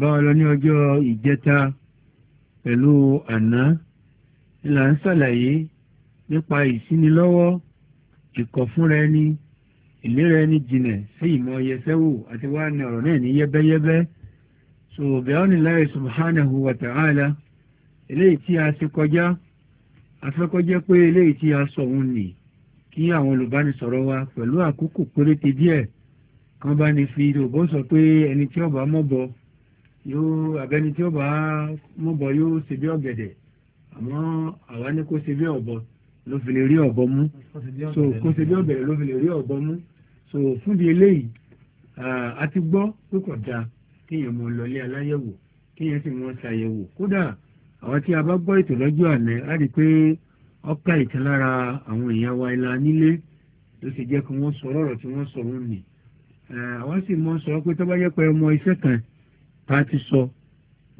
báwa lọ ní ọjọ́ ìjẹta pẹ̀lú àná là ń ṣàlàyé nípa ìsínilọ́wọ́ ìkọ̀fúnra ẹni ìlera ẹni jìnà sí ìmọ̀ yẹsẹ́wò àti wàá ní ọ̀rọ̀ náà ní yẹ́bẹ́yẹ́bẹ́ so bíọ́nì láyé subhanahu wa ta'ala eléyìí tí a ṣe kọjá afẹ́kọ́jẹ́ pé eléyìí tí a sọ òun nì kí àwọn olùbánisọ̀rọ̀ wa pẹ̀lú àkókò péréte díẹ̀ kan bá ní fi ìdòbó sọ pé ẹni tí ọba mọ́ bọ́ yóò abẹ́ni tí ó bá mọ̀bọ yóò ṣe bí ọ̀gẹ̀dẹ̀ àmọ́ àwa ní kó ṣe bí ọ̀bọ ló fi lè rí ọ̀bọ mú so kó ṣe bí ọ̀gẹ̀dẹ̀ ló fi lè rí ọ̀bọ mú so fúndi eléyìí a ti gbọ́ pé kò dáa kéèyàn mọ lọlé aláyẹ̀wò kéèyàn sì mọ ṣàyẹ̀wò kódà àwọn tí a bá gbọ́ ètò lọ́jọ́ àná á rí i pé ọ̀ka ìtàn lára àwọn èèyàn wa ìlà nílé ló sì jẹ́ kí wọ́n sọ ọ̀rọ̀ tí wọ́n sọ òun nì àwọn sì mọ sọ pé tó yẹ pé ọmọ iṣẹ́ kan ta ti sọ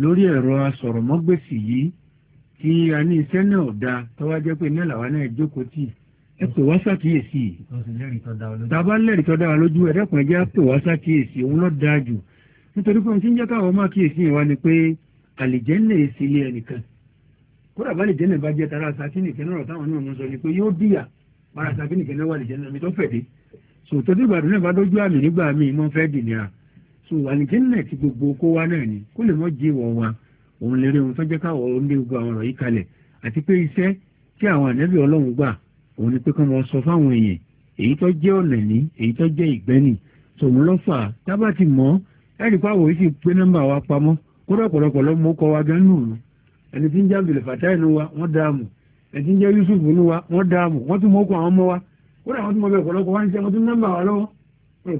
lórí ẹ̀rọ asọ̀rọ̀mọ́gbèsì yìí kí a ní iṣẹ́ náà ọ̀dà tọ́wá jẹ́ pé náà làwa náà jókòó tì ẹ pè wá ṣàkíyèsí tàbá lẹ́rìí tó dá wa lójú ẹ̀dẹ́kùn ẹ̀jẹ̀ pè wá ṣàkíyèsí òun ló dáa jù nítorí pé ohun tí ń jẹ́ káwọn máa kíyèsí yẹn wá ni pé àlìjẹ́nà èsì ilé ẹnìkan kódà bá àlìjẹ́nà bá jẹ́ tara sàkínì kẹ́nà táwọn náà mú sọ ni pé yóò díyà para sàkínì kẹ́nà wà àlìjẹ́nà mi tó fẹ̀ dé sòtọ́jú ìgbàdùn náà bá dójú àmì nígbà míì mọ́ fẹ́ dìnnìyà so àlìjẹ́nà ti gbogbo kó wá náà ni kó lè mọ́ jẹ́ ìwọ̀ wa òun lè rí ohun tó jẹ́ káwọ̀ ó lé gbogbo àwọn ọ̀rọ̀ yìí kalẹ̀ àti pé iṣẹ́ tí àwọn ànẹ́bí ọlọ́run gbà òun ni pé kí wọ́n sọ fáwọn èèyàn èyí tó jẹ́ ọ̀nà ní èyí tó jẹ́ ìgbẹ́ni tòun lọ́ fà tábà ti mọ́ ẹ̀rì pàwọ̀ yìí ti pé nọ́mbà wa pamọ́ kódà ọ̀pọ̀lọpọ̀ ló mú kọ́ wa gan nù ẹni tí ń jẹ́ Abdul Fatah inú wa wọ́n dààmú ẹni tí ń jẹ́ Yusuf inú wa wọ́n dààmú wọ́n tún mọ́ kọ́ àwọn ọmọ wa kódà wọ́n ń ṣe tún nọ́mbà wa lọ́wọ́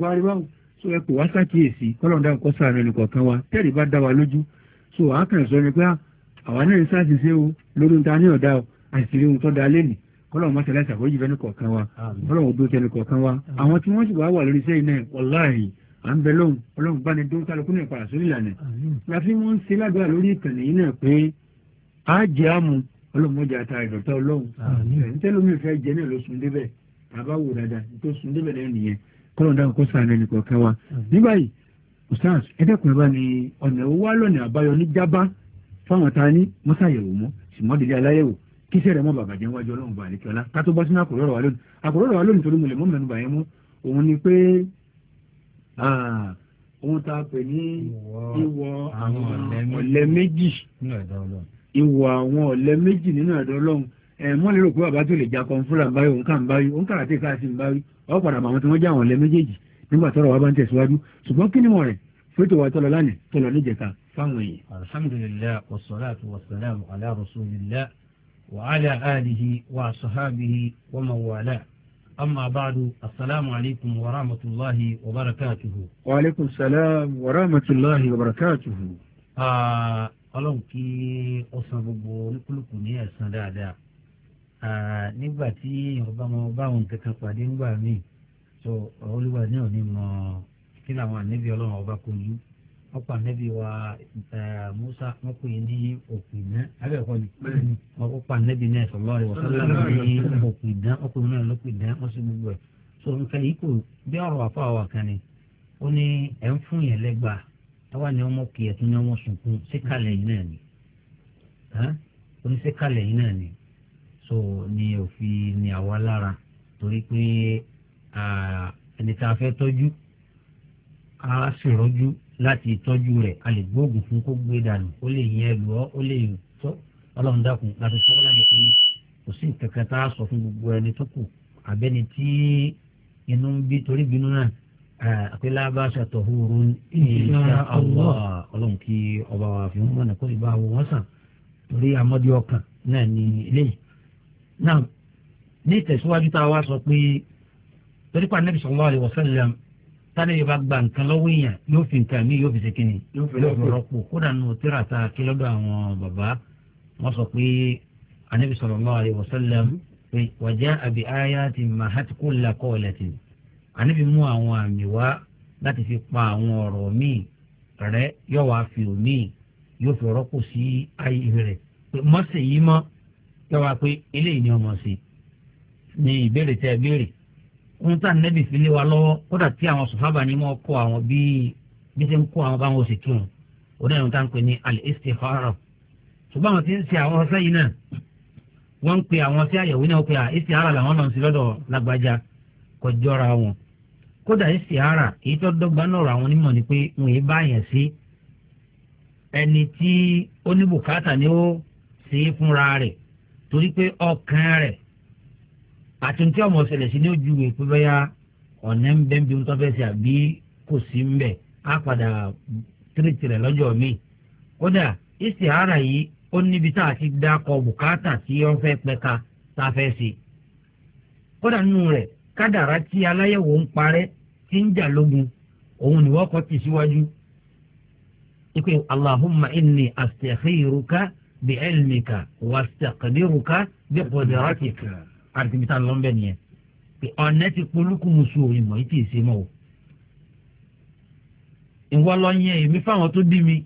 wọ́n rò so ẹ kò wá sàkíyèsí kọ́lọ́n dáhùn kọ́ sàánú ẹnì kọ̀ọ̀kan wa tẹ́rì bá dá wa lójú so àá kàn sọ ni pé ah, àwa náà ń ṣàṣìṣe o lórí nta ní ọ̀dà o àṣìṣe ohun tó da lẹ́nì kọ́lọ́n má tẹ̀lé àṣàkóyè fẹ́ni kọ̀ọ̀kan wa kọ́lọ́n òdo tẹ̀lé kọ̀ọ̀kan wa àwọn tí wọ́n sì wá wà lórí iṣẹ́ iná wàláhì à ń bẹ lóhùn ọlọ́run bá ní dó kálukú náà padà sórí ìlànà láti wọ́n ń ṣe lágbára lórí ìkànnì yìí náà pé á jẹ́ àmú ọlọ́run ọjà ta ìdọ̀tà ẹ̀ ń tẹ́lómi ìfẹ́ jẹ́ náà ló sùn débẹ̀ àbáwò dáadáa tó sùn débẹ̀ lẹ́nu nìyẹn kọ́lọ́dà kó sàánú ẹnì kọ̀ọ̀kan wa hmm. ní báyìí ustaz ẹ̀dẹ́kùnrin bá ní ọ̀nà wà lọ́nà àbáyọ ní jábá fáwọn tá a ní mọ́sàyẹ̀wò mọ́ sìmọ́dìdí aláyẹ̀wò kíṣẹ́ rẹ̀ mọ́ bàbá jẹ́ wájú ọlọ́run bá àlekí ọlá ká tó bá sínú àkùrọ̀ rọ̀ wá lónìí àkùrọ̀ rọ̀ wá lónìí torí mo lè mọ́ mẹ́nu bàyẹn mú òun ni pé òun tá pè ní ìwọ àwọn ọ̀lẹ́ méjì ìwọ àwọn ọ̀lẹ́ méjì nínú ẹ̀dọ́ ọlọ́run wọ́n lérò pé bàbá tó lè jà kan fúlà ń báyìí òun kà ń báyìí òun kàrà tí káàsì ń báyìí ọ̀ padà bàwọn tí wọ́n já wọn lẹ méjèèjì nígbà tọ́rọ̀ wa bá ń tẹ̀síwájú ṣùgbọ́n kí ni mọ̀ rẹ̀ fẹ́tò wa tọ́lọ lánàá tọ́lọ níjẹta fáwọn èèyàn. alhamdulilayi wa salatu wa salamu ala rasulillah wa ala alihi wa sahabihi wa mawala amma baadu asalaamu alaykum wa rahmatulahi wa barakatuhu. wa aleykum salaam wa rahmatulahi wa barakatuhu. Ah, ọlọ́run kí ọ̀sán gbogbo oníkúlùkù ní ẹ̀sán dáadáa. nígbà tí ọba mọ báwọn kankan pàdé ńgbà míì olúwa ní òní mọ kí làwọn ànẹ́bí ọlọ́run ọba kò yí wọ́n pa ànẹ́bí wa Musa wọ́n pè é ní ni wọ́n pa ànẹ́bí náà ní òpìdán ọkùnrin náà lọ́pìdán wọ́n sì gbogbo ẹ̀ nǹkan yìí kò bí ọ̀rọ̀ wa kan ni ó ní ẹ̀ ń fún yẹn lẹ́gbàá táwa ni ọmọ ni ọmọ sunkún yìí so ni òfin ni àwa lára torí pé ẹni tá a fẹ́ tọ́jú a sì rọ́jú láti tọ́jú rẹ̀ a lè gbóògùn fún kó gbé dànù ó lè yẹn lù ọ́ ó lè tọ́ ọlọ́run dákun láti sọ́wọ́ láti pé kò sí nǹkan tá a sọ fún gbogbo ẹni tó kù àbẹ́ni tí inú ń bí torí bínú náà àpẹẹlẹ bá ṣàtọ̀ horo insha Allah ọlọ́run kí ọba wa fi ń mọ̀nà kó ìbá wọn sàn torí amọ́dé ọkàn náà ní eléyìí náà ní ìtẹ̀síwájú tá a wá sọ pé torí pa nẹ́bí sallallahu alaihi wasallam tani yóò bá gba nǹkan lọ́wọ́ èèyàn yóò fi nǹkan mi yóò fi ṣe kínní yóò fi rọ́pò kódà nù tíra ta kí lọ́dọ̀ àwọn bàbá wọ́n sọ pé anabi sallallahu alaihi wasallam pé wàjá àbí aya ti mahat kulla qalatin anabi mú àwọn àmì wá láti fi pa àwọn ọ̀rọ̀ míì rẹ̀ yóò wá fi òmíì yóò fi rọ́pò sí ayé rẹ̀ mọ́sẹ̀ yìí mọ́ yọ wá pé eléyìí ni ọmọ sí ni ìbéèrè tẹ ẹ béèrè ohun tá nẹ́bì fi lé wa lọ́wọ́ kódà tí àwọn sọ̀hábà ni wọ́n kọ́ àwọn bíi bí ṣe ń kọ́ àwọn báwọn sì tún òun náà tá ń pè ní al-istikhara ṣùgbọ́n àwọn tí ń ṣe àwọn ọ̀sẹ́ yìí náà wọ́n ń pe àwọn sí àyẹ̀wò náà pé à istikhara làwọn náà ń ṣe lọ́dọ̀ lágbájá kò jọra wọn kódà istikhara èyí tó dọ́gba náà rọ àwọn onímọ̀ ni pé wọn yìí bá yẹn sí ẹni tí ó ni ó ṣe é fúnra rẹ̀ torí pé ọkàn rẹ̀ àti ní tí ọmọ ṣẹlẹ̀ sí ní ojú ìwé pé bẹ́yà ọ̀nà ń bẹ́ bí ohun tó fẹ́ àbí kò sí ń bẹ̀ á padà tírètì rẹ̀ lọ́jọ́ mi. kódà ìsìhárà yìí ó níbi tá a ti dákọ bùkátà tí wọ́n fẹ́ pẹ́ka tá a fẹ́ kódà nínú kádàrá tí aláyẹ̀wò ń parẹ́ ti ń jà lógun òun ni wọ́n ipe Allahumma bi'ilmika wastaqdiruka biqudratika bi lọ́nbẹ̀ nìyẹn ọ̀nà ti polúkú musu òun ìmọ̀ yìí ti ṣe mọ́ o. ìwọ lọ yẹn èmi fáwọn tó bí mi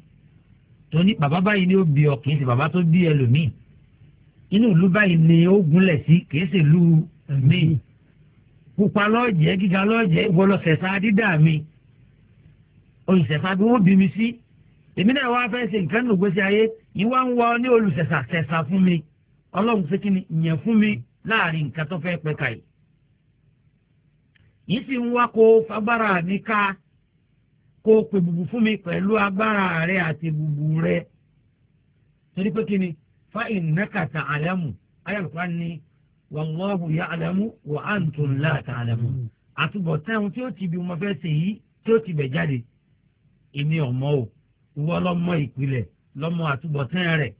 tó ní bàbá báyìí ni ó bí ọ kì í ṣe bàbá tó bí ẹlòmíì inú ìlú báyìí ni ó gúnlẹ̀ sí kì í ṣe ìlú mi pupa lọ́ọ̀jẹ́ gíga lọ́ọ̀jẹ́ ìwọ lọ sẹ̀sá dídà mi oṣù sẹ̀sá bí wọ́n bí mi sí èmi náà wá fẹ́ ṣe nǹkan nù ayé ìwà ń wọ ní olùsẹ̀sà sẹ̀sà fún mi ọlọ́run ṣe kí ni yẹn fún mi láàrin nǹkan tó fẹ́ pẹ́ka yìí yìí sì ń wá kó fagbára mi ká kó pè bùbù fún mi pẹ̀lú agbára rẹ àti bùbù rẹ torí pé kí ni fa innaka ta'lamu ayélujára ni wallahu ya'lamu wa antum la ta'lamun àtúbọ̀ táwọn tí ó ti bí wọn fẹ́ ṣèyí tí ó ti bẹ̀ jáde èmi ọ̀mọ́ o ìwọ ọlọ́mọ ìpìlẹ̀ lọmọ àtúbọ̀tán rẹ̀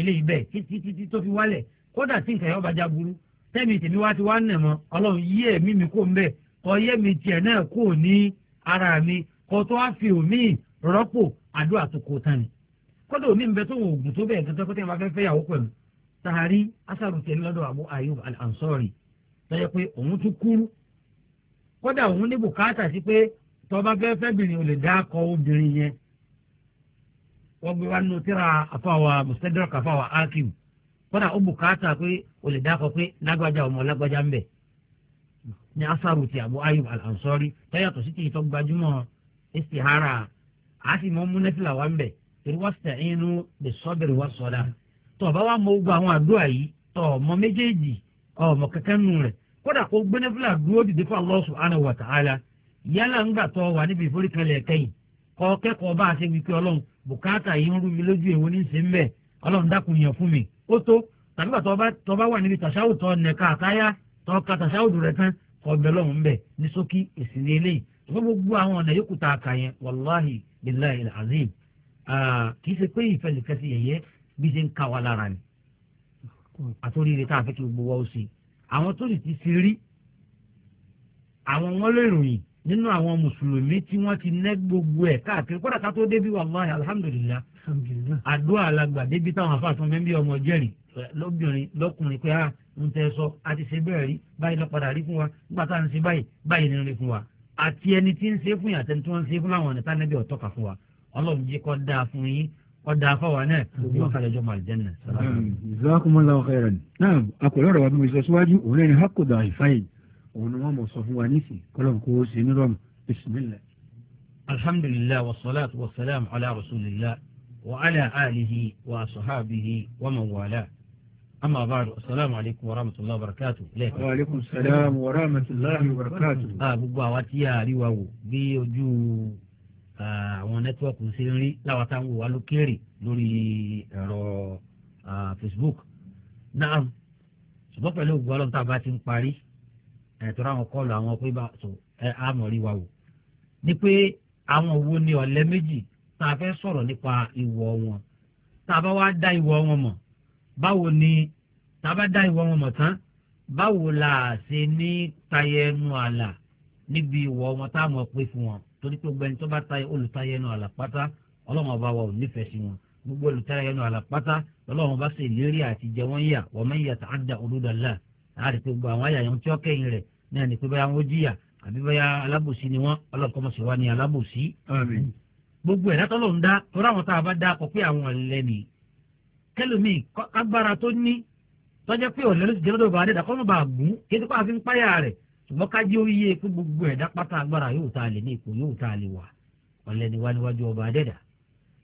eléyìí bẹ́ẹ̀ títí títí tó fi wálẹ̀ kódà tí nǹkan yóò bá já burú tẹ́mi tèmi wá ti wá nà mọ́ ọlọ́run mi kó ń bẹ̀ kọ́ yé mi tiẹ̀ náà kó ní ara mi kọ́ tó wá fi òmí rọ́pò àdúrà tó kó ni kódà òmí bẹ tó wọn tó gẹ́gẹ́ fẹ́ fẹ́ yàwó pẹ̀lú tẹ̀lé lọ́dọ̀ pé òun tún kúrú kódà òun ní bùkátà sí pé akọ obìnrin yẹn wọ́n wá nínú tíra àfàwà mustadrak àfàwà akim kódà ó bùkátà pé o lè pé lágbájá ọmọ lágbájá ń bẹ ní asaru ti abu ayub al tẹ́yàtọ̀ sí ti ìtọ́ gbajúmọ̀ istihara àti mọ́ wa ń torí wọ́n sẹ̀ lè sọ́dá o bá wà mọ ogun àwọn àdúrà yìí méjèèjì ọmọ nù wa yálà ńgbà wà bùkátà yìí ń rú mi lójú èwo ní ṣe ń bẹ̀ ọlọ́run dákun yàn fún mi ó tó tàbí bàtọ́ tọ́ bá wà níbi tàṣáwò tọ́ nẹ̀ka àtáyá tọ́ ka tàṣáwò dùn rẹ̀ tán kọ́ bẹ̀ lọ́hùn ń bẹ̀ ní sókí èsì ní eléyìí ṣùgbọ́n gbogbo àwọn ọ̀nà yòókù tá a kà yẹn wàláhì billahi alazim kì í ṣe pé ìfẹ̀lẹ̀kẹsì yẹ̀yẹ́ bí ṣe ń ka wa lára ni àtòríire tá a fẹ́ kí gbogbo wa ó ṣe àwọn tó sì ti ṣe rí àwọn wọn lè ròyìn nínú àwọn mùsùlùmí tí wọ́n ti nẹ́ gbogbo ẹ̀ káàkiri kódà ká tó débi wàláhì alhamdulillah àdúrà alàgbà débi táwọn afáàtún mẹ́bí ọmọ jẹ́rìn lóbìnrin lọ́kùnrin pé a ah, ń tẹ́ sọ a ti ṣe bẹ́ẹ̀ rí báyìí lọ́padà rí fún wa nígbà tá à ń ṣe báyìí báyìí nínú rí fún wa àti ẹni tí ń ṣe fún yàtẹ̀ tí wọ́n ń ṣe fún àwọn ọ̀nà tánẹ́bí ọ̀tọ́ka fún wa ọlọ́run jẹ́ kó dáa fún yín kó dáa fáwa náà náà òun ni wọ́n mọ̀ sọ fún wa nísìn kọ́lọ́n kó o ṣe ní rọ́ọ̀mù bisimilah. alhamdulilah wa salatu wa salam ala rasulillah wa ala alihi wa sahabihi wa man wala amma baadu asalaamu alaykum wa rahmatulahi wa barakatu. wa aleykum salaam wa rahmatulahi wa barakatu. a ah, gbogbo àwa tí a rí wa wò bí ojú àwọn nẹ́tíwọ́ọ̀kì ń ṣe ń rí láwa tá à ń wò wá lórí ẹ̀rọ facebook náà ṣùgbọ́n pẹ̀lú ògùn ọlọ́run tá a bá ti ń parí ẹ̀tọ́ra àwọn kọ́ọ̀lù àwọn pé bá so ẹ àmọ̀ rí wa wò ni pé àwọn wo ni ọ̀lẹ́ méjì tá a fẹ́ sọ̀rọ̀ nípa ìwọ̀ wọn tá a bá wá dá ìwọ̀ wọn mọ̀ báwo ni tá a bá dá ìwọ̀ wọn mọ̀ tán báwo la ṣe ní tayẹnu àlà níbi ìwọ̀ wọn tá a mọ̀ pé fún wọn torí pé gbẹni tó bá tayẹ olùtayẹnu àlà pátá ọlọ́run ọba wa ò nífẹ̀ẹ́ sí wọn gbogbo olùtayẹnu àlà pátá ọlọ́run ọba sì lérí àti jẹ yà wọ́n mẹ́yà tá àti gbogbo àwọn àyàyàn tí ó kẹ́yìn rẹ̀ náà ni pé báyà wọ́n jìyà àbí báyà alábòsí ni wọ́n ọlọ́kọ́mọsí wa ni alábòsí. gbogbo ẹ̀dá tọ́lọ̀ ń dá torí àwọn tá a bá dá kọ pé àwọn ọ̀lẹ́ ni kẹlòmí agbára tó ní tọ́jẹ́ pé ọ̀lẹ́ ló ti jẹ́lódò bá dẹ́dà kọ́mọba gùn kí ẹ ti pàfi ń páyà rẹ̀ ṣùgbọ́n ká jẹ́ oyè pé gbogbo ẹ̀dá pátá agbára yóò tá a lè ní ipò yóò tá a lè wà ọ̀lẹ́ ni wá níwájú ọba dẹ́dà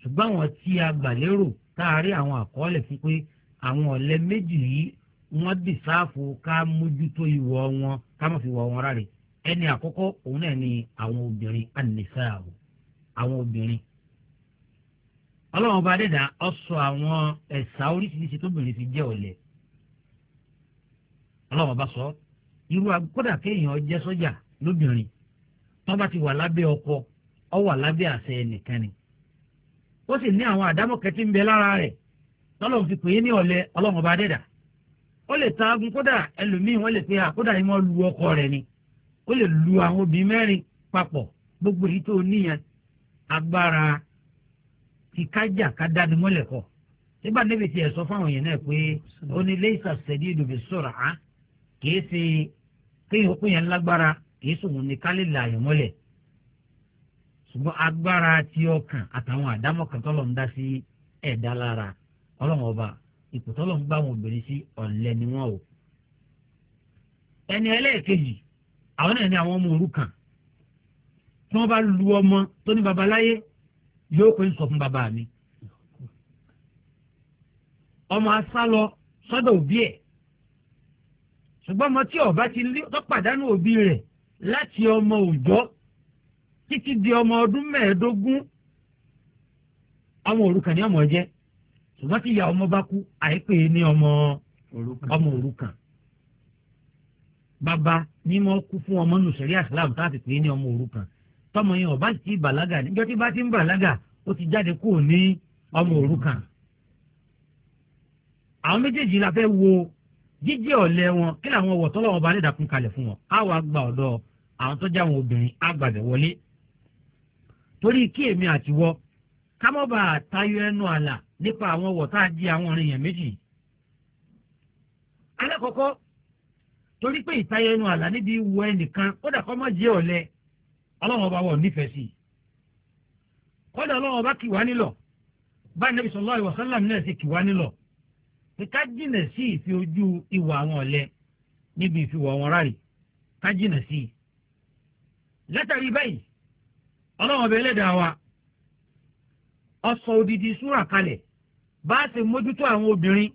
ṣùgbọ́n àwọn tí a gbà lérò tá a rí àwọn àkọọ́lẹ̀ fún pé àwọn ọ̀lẹ́ méjì yìí wọ́n dì sáàfù ká mójútó ìwọ̀ wọn ká má fi wọ̀ wọn rárẹ̀ ẹni àkọ́kọ́ òun náà ni àwọn obìnrin ànisáàwò àwọn obìnrin ọlọ́run ọba adẹ́dà ọ̀sọ̀ àwọn ẹ̀sà oríṣiríṣi tóbìnrin fi jẹ́ ọ̀lẹ ọlọ́run ọba sọ irú agbọ́dà kéèyàn jẹ́ sọ́jà lóbìnrin tó bá ti wà lábẹ́ ọkọ ó wà lábẹ́ àṣẹ ẹnìkan ni ó sì ní àwọn àdámọ̀kẹ́ ń bẹ lára rẹ̀ tọ́lọ́run fi pè é ní ọ̀lẹ ọlọ́run ọba adẹ́dà ó lè tan agun kódà ẹlòmíín wọ́n lè pe àkódà yìí wọ́n lu ọkọ rẹ ni ó lè lu àwọn obìnrin mẹ́rin papọ gbogbo èyí tó níyàn agbára ti kájà ká kọ mọ́lẹ̀ kọ́ nígbà níbi tí ẹ sọ fáwọn yẹn náà pé ó ní léyìísà sẹ́dí ìdòbí sọ̀rọ̀ á kìí ṣe kéèyàn ó lágbára kìí ní kálí ṣùgbọ́n agbára ti ọkàn àtàwọn àdámọ̀kàn ń dá sí ẹ̀dá lára ipò tọ́lọ̀ ń bá àwọn obìnrin sí ọ̀lẹ́ ni wọ́n o. ẹni ẹlẹ́ẹ̀kejì àwọn náà ní àwọn ọmọ òrukàn tí wọ́n bá lu ọmọ tó ní babaláyé yóò pé ń sọ fún bàbá mi. ọmọ asálọ sọ́dọ̀ òbí ẹ̀ ṣùgbọ́n ọmọ tí ọba ti lé tó pàdánù òbí rẹ̀ láti ọmọ òòjọ́ títí di ọmọ ọdún mẹ́ẹ̀ẹ́dógún ọmọ òrukàn ní ọmọ jẹ́ ṣùgbọ́n tí ìyá ọmọ bá kú àìpé ní ọmọ ọmọ òrukàn bàbá ní mo kú fún ọmọ nù sẹ́rí àṣàlám láti pè ọmọ tọmọ yẹn ọba ti bàlágà níjọ́ tí bá ti ń bàlágà ó ti jáde kúrò ní ọmọ òrukàn àwọn méjèèjì la fẹ́ wo wọn kí làwọn tọ́lọ́wọ́ bá kalẹ̀ fún gba àwọn tọ́jà àwọn obìnrin á wọlé torí kámọ́bà àtayọ ẹnu àlà nípa àwọn ọwọ́ tá a di àwọn ọ̀rìn yẹn méjì. alákọ̀ọ́kọ́ torí pé ìtayọ ẹnu àlà níbi ìwọ ẹnìkan kódà kọ́ mọ́ jẹ́ ọ̀lẹ ọlọ́run ọba wọ̀ nífẹ̀ẹ́ sí i. kódà ọlọ́run ọba kì wá nílọ̀ bá nàbì sallallahu alaihi wasallam náà ṣe kì wá nílọ̀ pé ká jìnà sí ìfi ojú ìwà àwọn ọ̀lẹ níbi ìfiwọ̀ wọn rárì ká jìnà sí i. látàrí báyìí ọlọ́run ọba ẹlẹ́dàá wa ọsọ odidi súrà kalẹ̀ bá a ṣe mójútó àwọn obìnrin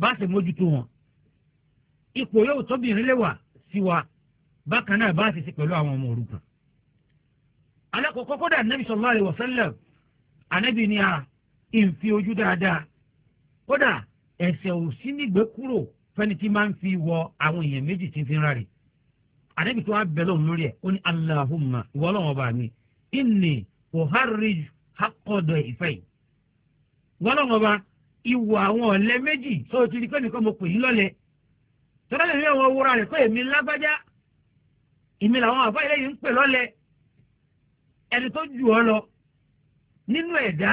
bá a ṣe mójútó wọn ipò yóò tóbìnrin lè wà sí wa bákan náà bá a ṣe ṣe pẹ̀lú àwọn ọmọ òrukàn. alákọ̀ọ́kọ́ kódà nàbì sallallahu alaihi wasallam ànábì ni a ìfi ojú dáadáa kódà ẹ̀ṣẹ̀ ò sí nígbè kúrò fẹ́ni tí máa ń fi wọ àwọn èèyàn méjì tí ń fi ń rárẹ̀ ànábì tó wá bẹ̀ lọ́hùn lórí ẹ̀ ó ní Allahumma ìwọ bá mi inni uharriju akọ̀dọ̀ ìfẹ́ yìí wọ́n lọ́wọ́ bá ìwọ àwọn ọ̀lẹ́ méjì tó o ti di pé nìkan mo pè yín lọ́lẹ̀ tọ́lá lè ní àwọn wúra rẹ̀ pé èmi lágbájá èmi làwọn àbá eléyìí ń pè lọ́lẹ̀ ẹni tó jù ọ lọ nínú ẹ̀dá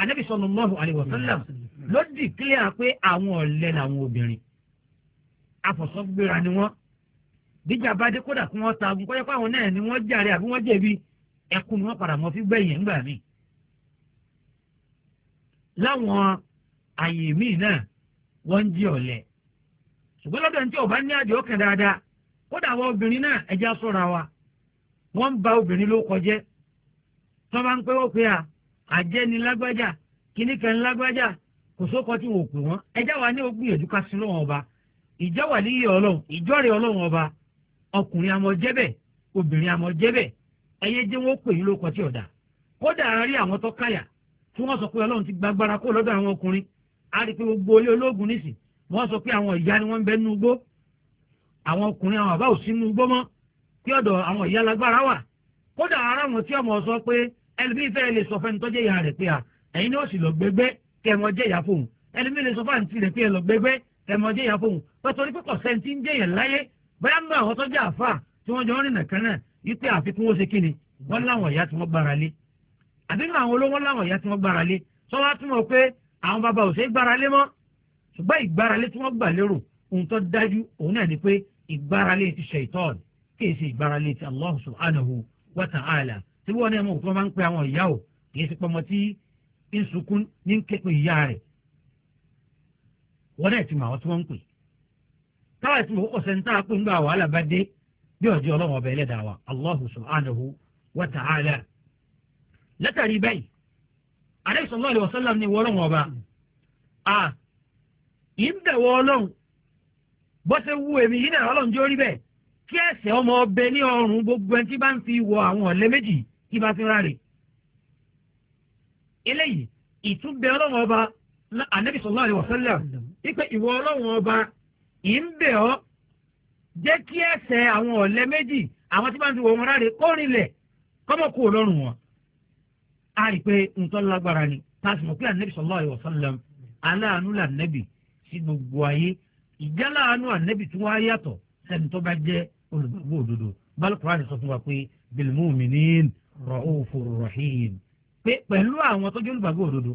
anabi sallallahu alaihi wasallam ló dì kílíà pé àwọn ọ̀lẹ́ làwọn obìnrin afọ̀sọ́gbéra ni wọ́n bíjà bá dé kódà kí wọ́n ta agun kọ́jọ́ pé àwọn náà ni wọ́n jàre àbí wọ́n jẹ̀bi ẹkún ni mọ padà mọ́ fi gbẹ̀yìn ńgbà láwọn àyè mi náà wọn ń jí ọ̀lẹ ṣùgbọ́n lọ́dọ̀ ọba ní àjọ ọkàn dáadáa kódà àwọn obìnrin náà ẹja sọ̀ra wa wọ́n ń ba obìnrin ló kọjẹ́ tó bá ń pẹ́ pé à àjẹ́ ni lágbájá kíní kan ní ogún ìyẹ̀dú ká sí wà ọlọ́run ìjọ rẹ̀ ọlọ́run ẹyẹ jẹ́ wọ́n pè yín ló kọ́ tí ọ̀dà kódà a rí àwọn tó káyà tí wọ́n sọ pé ọlọ́run ti gbàgbára kó lọ́dọ̀ àwọn ọkùnrin a rí pé gbogbo ilé ológun nísìn wọ́n sọ pé àwọn ìyá ni wọ́n ń bẹ nínú igbó àwọn ọkùnrin àwọn bàbá ò sí nínú igbó mọ́ kí ọ̀dọ̀ àwọn ìyá lágbára wà kódà ara wọn tí ọmọ sọ pé ẹlẹ́bí fẹ́ lè sọ fẹ́ni tó jẹ́ ìyá rẹ̀ pé à ẹ̀yin náà sì lọ gbẹgbẹ́ kẹ́ wọn jẹ́ ìyá fóun ẹlẹ́bí lè sọ fáwọn ti rẹ̀ pé ẹ lọ gbẹgbẹ́ kẹ́ wọn jẹ́ ìyá fóun pẹ̀tọ́rí pé kọ̀sẹ́ntì ń jẹ́ yẹn láyé bẹ́ẹ̀ ń bá àwọn tó jẹ́ àfà tí wọ́n jọ ń rìn nàkánná yípe àfikún ó ṣe kí ni wọ́n láwọn ìyá tí wọ́n gbára lé àbí nínú àwọn olówó láwọn ìyá tí wọ́n gbára lé sọ wá túmọ̀ pé àwọn bàbá ò ṣe é gbára lé mọ́ ṣùgbọ́n ìgbára lé tí wọ́n gbà lérò ohun tó dájú òun náà ni pé ìgbára lé ti ṣaitan kì í ìgbára lé ti Allah subhanahu wa ta'ala tí wọ́n náà mọ̀ kó máa ń pe àwọn ìyá o kì í ṣe pọ́nmọ́ tí ń sunkún ní ń képe ìyá rẹ̀ wọ́n náà ti mọ̀ àwọn tí wọ́n ń pè táwọn ìtumọ̀ kókò sẹ́ńtà pé ń gbà wàhálà bá dé bí ọjọ́ ọlọ́run ọba ẹlẹ́dàá wa allahu subhanahu wa ta'ala látàrí bẹ́ẹ̀ àdéhùn sallallahu alaihi wasallam ní ìwọ ọlọ́run ọba a yìí ń bẹ̀wọ̀ ọlọ́run bó ṣe wú èmi yìí náà ọlọ́run jó rí bẹ́ẹ̀ kí ẹsẹ̀ ọmọ ọbẹ̀ ní ọrùn gbogbo ẹni tí bá ń fi wọ àwọn ọ̀lẹ́ méjì kí bá fi rárẹ̀ eléyìí ìtúbẹ̀ ọlọ́run ọba àdéhùn sallallahu alaihi wasallam wípé jẹ́ kí ẹsẹ̀ àwọn ọ̀lẹ́ méjì àwọn tí bá ń ti wọ̀ wọn ráre kó rinlẹ̀ kọ́mọ̀ kú ọlọ́run wọn. a rí i pé nǹkan lágbára ni tààsì mọ̀ pé ànẹ́bí sallallahu alaihi wasallam aláàánú là nẹ́bì sí gbogbo ayé ìjálá àánú tí wọ́n á yàtọ̀ sẹ́ni tó bá jẹ́ olùgbàgbọ́ òdodo balùkùránì sọ fún wa pé bil mu'minin ra'ufur rahim pé pẹ̀lú àwọn tó jẹ́ olùgbàgbọ́ òdodo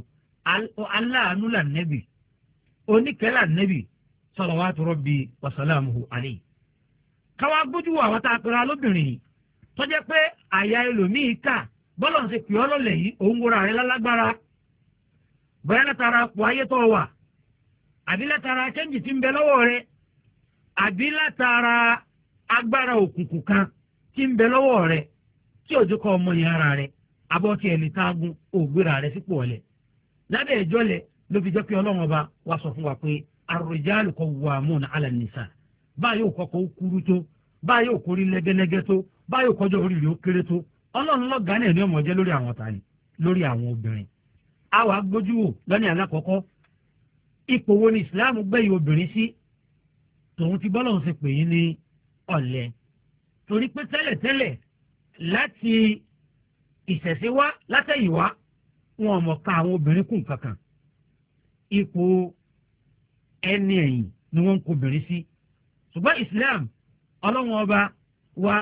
aláàánú là nẹ́bì oníkẹ́ là nẹ́bì salawatu rabbi wa salamuhu alayhi káwá gbójú wọ àwọn tá a pera lóbìnrin yìí tọ́jẹ́ pé àyà ẹlòmíì kà bọ́lọ̀ ń ṣe pè ọ́ lọ́lẹ̀ yìí òun wúra rẹ̀ lálágbára bóyá látara pọ̀ ayé tó wà àbí ń bẹ lọ́wọ́ àbí agbára òkùnkùn kan ti ń bẹ lọ́wọ́ tí ọmọ yẹn ara rẹ̀ abọ́ ẹni tá a gun ògbéra sípò ọ̀lẹ̀ lábẹ́ ló fi jẹ́ pé ọlọ́run ọba sọ fún wa pé báyìí òkú rí lẹ́gẹ́lẹ́gẹ́ tó báyìí òkọjọ́ orí rẹ̀ ó kéré tó ọlọ́run lọ́gàá náà ní ọmọ jẹ́ lórí àwọn tani lórí àwọn obìnrin a wàá gbójú wò lọ́ní alákọ̀ọ́kọ́ ipò wo ni ìsìláàmù gbẹ̀yìn obìnrin sí tòun ti bọ́lọ̀ ṣe pè yín ní ọ̀lẹ torí pé tẹ́lẹ̀tẹ́lẹ̀ láti ìṣẹ̀ṣẹ̀ wá látẹ̀yìnwá wọn mọ̀ ká àwọn obìnrin kù kankan ipò ẹni ẹ̀yìn ni wọ́n ń kó obìnrin sí ṣùgbọ́n ìsìláàmù ọlọ́run ọba wa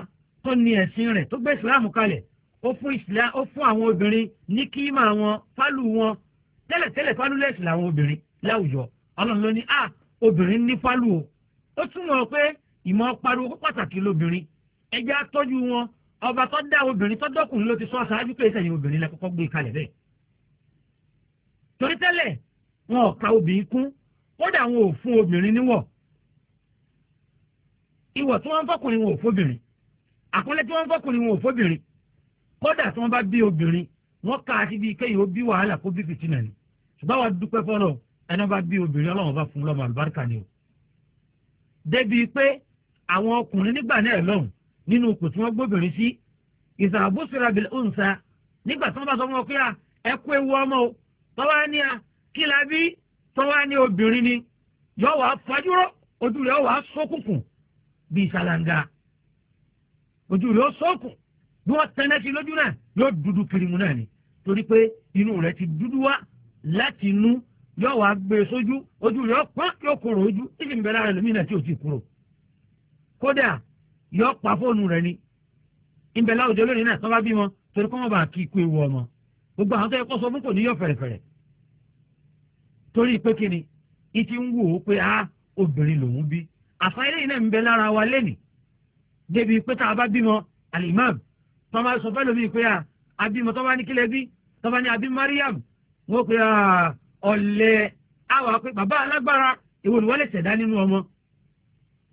tó ní ẹ̀sìn rẹ̀ tó gbé ìsìláàmù kalẹ̀ ó fún ìsìlá ó fún àwọn obìnrin ní kíímà wọn fálù wọn tẹ́lẹ̀tẹ́lẹ̀ fálúlẹ̀sì làwọn obìnrin láwùjọ ọlọ́run ló ní à obìnrin ní fálù o ó túmọ̀ pé ìmọ̀ pariwo kó pàtàkì lóbìnrin ẹja tọ́jú wọn ọba tó dá obìnrin tó dọ́kùnrin ló ti sọ ṣáájú pé ìsẹ̀yìn obìnrin lẹ́kọ́kọ́ gbé kalẹ̀ bẹ́ẹ̀ torí tẹ́lẹ̀ wọn ò ka obìnrin kún kódà wọn ò fún obìnrin níwọ̀ ìwọ̀ tí wọ́n ń fọkùnrin wọn ò fóbìnrin àkúnlẹ̀ tí wọ́n ń fọkùnrin wọn ò fóbìnrin kódà tí wọ́n bá bí obìnrin wọ́n ká àti bíi kéyìn ó bí wàhálà kó bí fìtínà ni ṣùgbọ́n wàá dúpẹ́ fọlọ́ ẹni bá bí obìnrin ọlọ́run bá fún lọ́mọ àlùbáríkà ni o. débìí pé àwọn ọkùnrin nígbà náà lọ́hùn nínú ipò tí wọ́n gbóbìnrin sí ìsàbùsùrà òǹsà nígbà tí wọ́n bá sọ fún ni yọ wàá fajúrọ́ ojú rẹ̀ wàá sókùnkùn bíi ṣàlàngà ojú rẹ̀ ó sọ́ọ̀kùn bí wọ́n tẹ́lẹ̀ sí lójú náà yóò dúdú kirimu náà ni torí pé inú rẹ̀ ti dúdú wá láti inú yóò wá gbé e sójú ojú rẹ̀ ó pọ́n yóò kóró ojú ìsì ń bẹ lára ẹlòmíì náà tí ò ti kúrò kódà yóò pa fóònù rẹ̀ ni ń bẹ láwùjọ lónìí náà tọ́ba bímọ torí kọ́ mọ́ bá kí ikú ewu ọmọ gbogbo àwọn tó yẹ kó sọ fún kò ní yọ fẹ̀rẹ̀fẹ̀rẹ̀ torí pé kíni ìtì ń wò ó pé á obìnrin lòún bí àfáyé lẹ́yìn náà ń bẹ lára wa lẹ́nìí débi pé a bá bímọ alimam tó máa sọ fẹ́ lómi pé abímọ tó bá ní kílẹ̀ bí tó bá ní mariam wọ́n pe ọ̀lẹ́ àwọn bàbá alágbára ìwọ ni wọ́n lè ṣẹ̀dá nínú ọmọ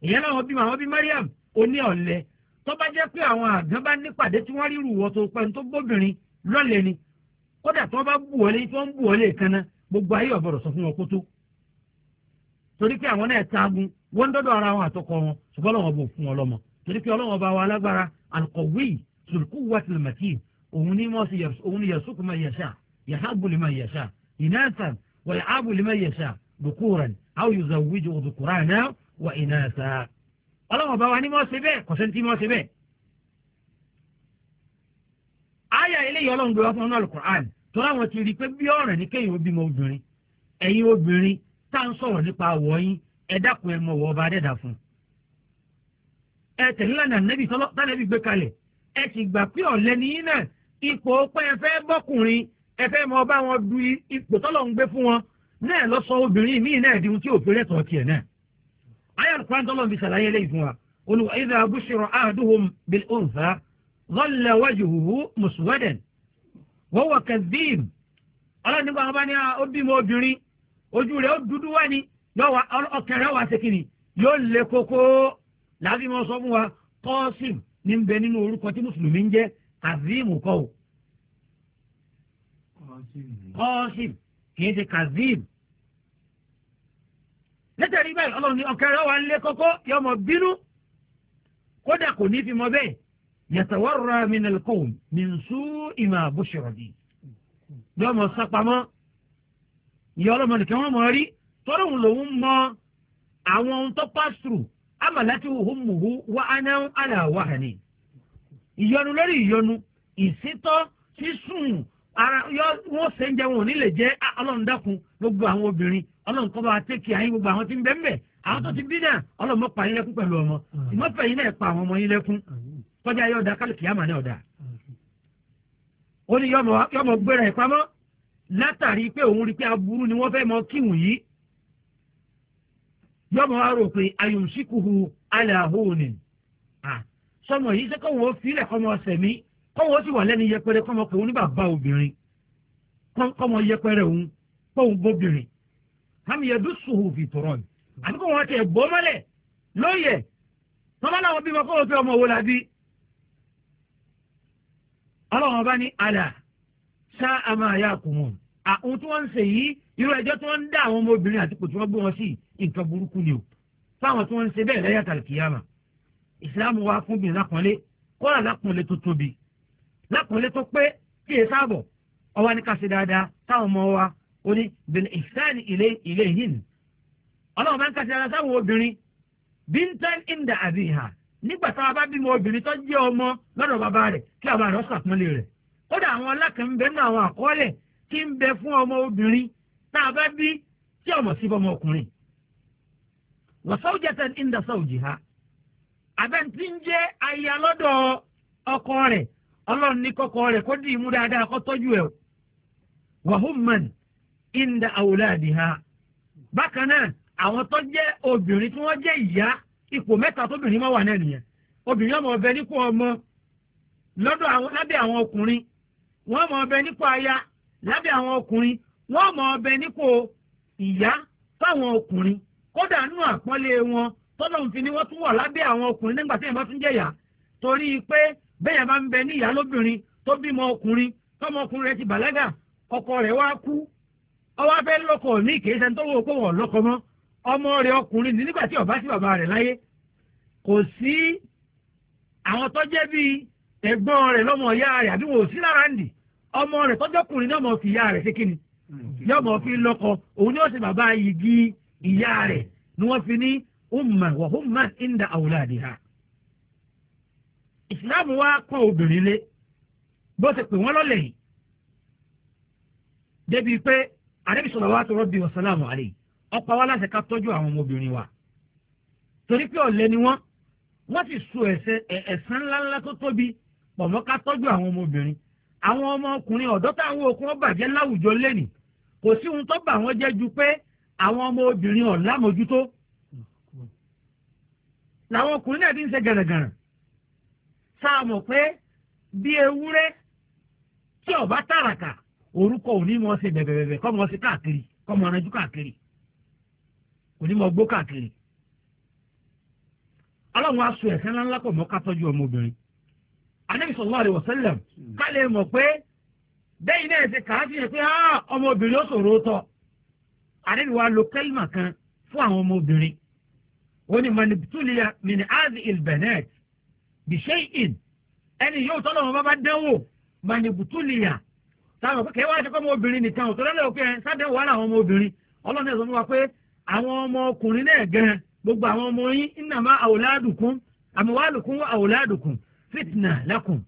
ìyẹn náà wọ́n bímọ àwọn bí mariam ó ní ọ̀lẹ́ tó bá jẹ́ pé àwọn àgán bá nípàdé tí wọ́n rí wọ́n gbogbo ayé ọ̀bọ̀rọ̀ sọ fún wọn wọ́n dọ́dọ̀ ara wọn àtọkọ wọn ṣùgbọ́n ọlọ́wọ́n bò fún ọlọ́mọ torí pé ọlọ́wọ́n bá wa alágbára alqawi zul quwwati almatin òun ni mọ̀ sí òun ni yasuku ma yasha yahabu lima yasha inasan wa yahabu lima yasha dukuran aw yuzawwiju dukurana wa inasa. ọlọ́wọ́n bá wa ni mọ̀ sí bẹ́ẹ̀ kọ̀sẹ́ntì mọ̀ sí bẹ́ẹ̀. àyà eléyìí ọlọ́run ti rí i pé bí ọ̀rẹ́ ní kéyìn obìnrin ẹ̀yin ń sọ̀rọ̀ nípa àwọ̀ ẹ dákun ẹ mọ wọ ọba adẹ́dà fún ẹ tẹ̀lé lánàá nẹ́bí tánẹ́bí gbé kalẹ̀ ẹ sì gbà pé ọ̀lẹ́ nìyí náà ipò pé ẹ fẹ́ bọ́kùnrin ẹ fẹ́ mọ ọba wọn du ipò tọ́lọ̀ ń gbé fún wọn náà lọ sọ obìnrin míì náà di ohun tí òfin rẹ̀tọ̀ tiẹ̀ náà ayé àlùkùrán tọ́lọ̀ fi ṣàlàyé lẹ́yìn fún wa olùwà idha bushira ahaduhum bil ah, ó bímọ obìnrin ojú rẹ̀ yọ̀wá ọkẹrẹ wa ṣe kìnnì yóò lé kókó làbí mo sọ fún wa kọ́ọ̀sìm ní bẹ nínú orúkọ tí mùsùlùmí ń jẹ́ kazeem kọ́ o kọ́ọ̀sìm kìí ṣe kazeem nítorí báyìí ọlọ́run ní ọkẹrẹ wa ń lé kókó yọmọ bínú kódà kò ní fi mọ bẹ́ẹ̀ yatawarra min alqawm min su'i ma bushira bi yọmọ sápamọ́ ìyá ọlọ́mọ nìkan wọ́n mọ̀ rí tọ́rọ̀ òun lòun mọ àwọn ohun tó pass through amalati humuhu wa anáhùn aláwàhání ìyọnu lórí ìyọnu ìsítọ́ sísùn ara yọ wọn sẹ́ńjẹ wọn ò ní lè jẹ́ ah, ọlọ́run dákun gbogbo àwọn obìnrin ọlọ́run kọ́ bá tẹ́kì ayé gbogbo àwọn tí ń bẹ́ẹ̀ mẹ́ẹ̀ àwọn tó ti bí náà ọlọ́mọ pa yín lẹ́kún pẹ̀lú ọmọ ìmọ̀fẹ́ yín náà pa àwọn ọmọ yín lẹ́kún kọjá yóò da kálukì yá màá ọ̀dà. ó ní yọmọ gbéra ẹ̀ látàrí pé òun rí pé aburú ni wọ́n fẹ́ mọ kíwùn yìí yọmọ wa rò pé ayòsíkùhù aláhóòní sọmọ yìí sẹkọ wọn filẹ kọmọ sẹmí kọmọ sì wà lẹni yẹpẹrẹ kọmọ pé òun bàbá obìnrin kọmọ yẹpẹrẹ òun kọmọ bóbìnrin hàmì yẹdú sùhù fìtọrọ ni àbíkọ wọn tẹ bọ mọlẹ lóye tọ́lá làwọn bímọ kọ́ òfin ọmọ wo la bí ọlọ́wọ́n bá ní àlà sá àmà àyà kùmọ̀ àwọn tí wọ́n ń ṣe yìí irú ẹjọ́ tí wọ́n ń dá àwọn ọmọbìnrin àti kò tí gbé wọn sí yìí nǹkan burúkú ni o fáwọn tí wọ́n ń ṣe bẹ́ẹ̀ lẹ́yà tàlùkìyàmà ìsìláàmù wa fún bìnrin lápọ̀nlé kọ́ra tó tóbi lápọ̀nlé tó pé kí èyí sáàbọ̀ ọwọ́ ní ká ṣe dáadáa táwọn ọmọ wa ó ní bìnrin ìsáàni ilé ilé yìí nì ọlọ́run bá ń ká ṣe sáwọn obìnrin àbí nígbà bá bímọ obìnrin tó jẹ́ ọmọ lọ́dọ̀ bàbá rẹ̀ kí rẹ̀ rẹ̀ kódà àwọn àwọn àkọọ́lẹ̀ wọ́sọ́jẹ́tẹ̀ ìndà sọ́ọ̀jìhá abẹ́ntí ń jẹ́ aya lọ́dọ̀ ọkọ rẹ̀ ọlọ́run ní kọkọ rẹ̀ kó dì dáadáa kó tọ́jú ẹ̀ wàhùnmán ìndà àwòládìhá bákan náà àwọn tó obìnrin tí wọ́n jẹ́ ìyá ipò mẹ́ta tóbìnrin wà aya ìyá kódà nù àpọ́nlé wọn tọ́lọ̀ ń fi ni wọ́n tún wà lábẹ́ àwọn ọkùnrin nígbà tí èèyàn bá tún jẹ̀yà torí pé bẹ́ẹ̀ bá ń bẹ ní ìyá lóbìnrin tó bímọ ọkùnrin tọ́mọ ọkùnrin rẹ̀ ti bàlágà ọkọ rẹ̀ wá kú ọwọ́ abẹ́ lọ́kọ ní ìkéṣẹ́ tó wọ́n kó wọ̀ lọ́kọ mọ́ ọmọ rẹ̀ ọkùnrin ní nígbà tí sí bàbá láyé kò sí àwọn tó jẹ́ bíi ẹ̀gbọ́n lọ́mọ àbí ọmọ fi rẹ̀ kíni hmm. ìyá rẹ̀ ni wọ́n fi ní umma wa umma inda awladiha ìsìláàmù wa kọ́ obìnrin lé bó ti pè wọ́n lọ́lẹ̀ yìí débi pé àdébí salawatu rabbi wa salamu alayhi ọ̀pọ̀ wa láti ká tọ́jú àwọn ọmọbìnrin wa torí pé ọ̀lẹ́ ni wọ́n wọ́n sì so ẹ̀sán ńláńlá tó tóbi pọ̀ ká tọ́jú àwọn ọmọbìnrin àwọn ọmọkùnrin ọ̀dọ́ táwọn okun ọbàjẹ́ láwùjọ lẹ́nìí kò sí ohun tó bà wọ́n jẹ́ ju pé àwọn ọmọ obìnrin ọ̀la lámójútó làwọn ọkùnrin náà ti ń ṣe gànàgànà sáà mọ̀ pé bí ewúrẹ́ tí ọba tàràkà orúkọ òní mọ̀ ṣe bẹ̀bẹ̀bẹ̀bẹ̀ kọ́ mọ̀ ṣe káàkiri kọ́ mọ̀ ọ̀rẹ́jú káàkiri òní mọ̀ gbó káàkiri ọlọ́run aṣọ ẹ̀sẹ̀ ńláńlá pọ̀ mọ́ mọ̀ àdébí wa lo kẹ́lìmà kan fún àwọn ọmọbìnrin ó ní mọ̀nìtúlìyà mìíní áàzì ìlbẹ̀nẹ́t bìṣẹ́ ìn ẹni yóò tọ́lọ̀ wọn bá bá dánwò mọ̀nìtúlìyà táwọn pé kẹ́wàá ti kọ́ ọmọbìnrin nìkan ò tọ́lọ́ lọ́wọ́ pé ẹ sádẹ́wò wà láwọn ọmọbìnrin ọlọ́run ẹ̀sọ́ fún wa pé àwọn ọmọkùnrin náà gan gbogbo àwọn ọmọ yín ìnàmá àwòládùkún àmúwálùkún àwòládùkún fitna lakum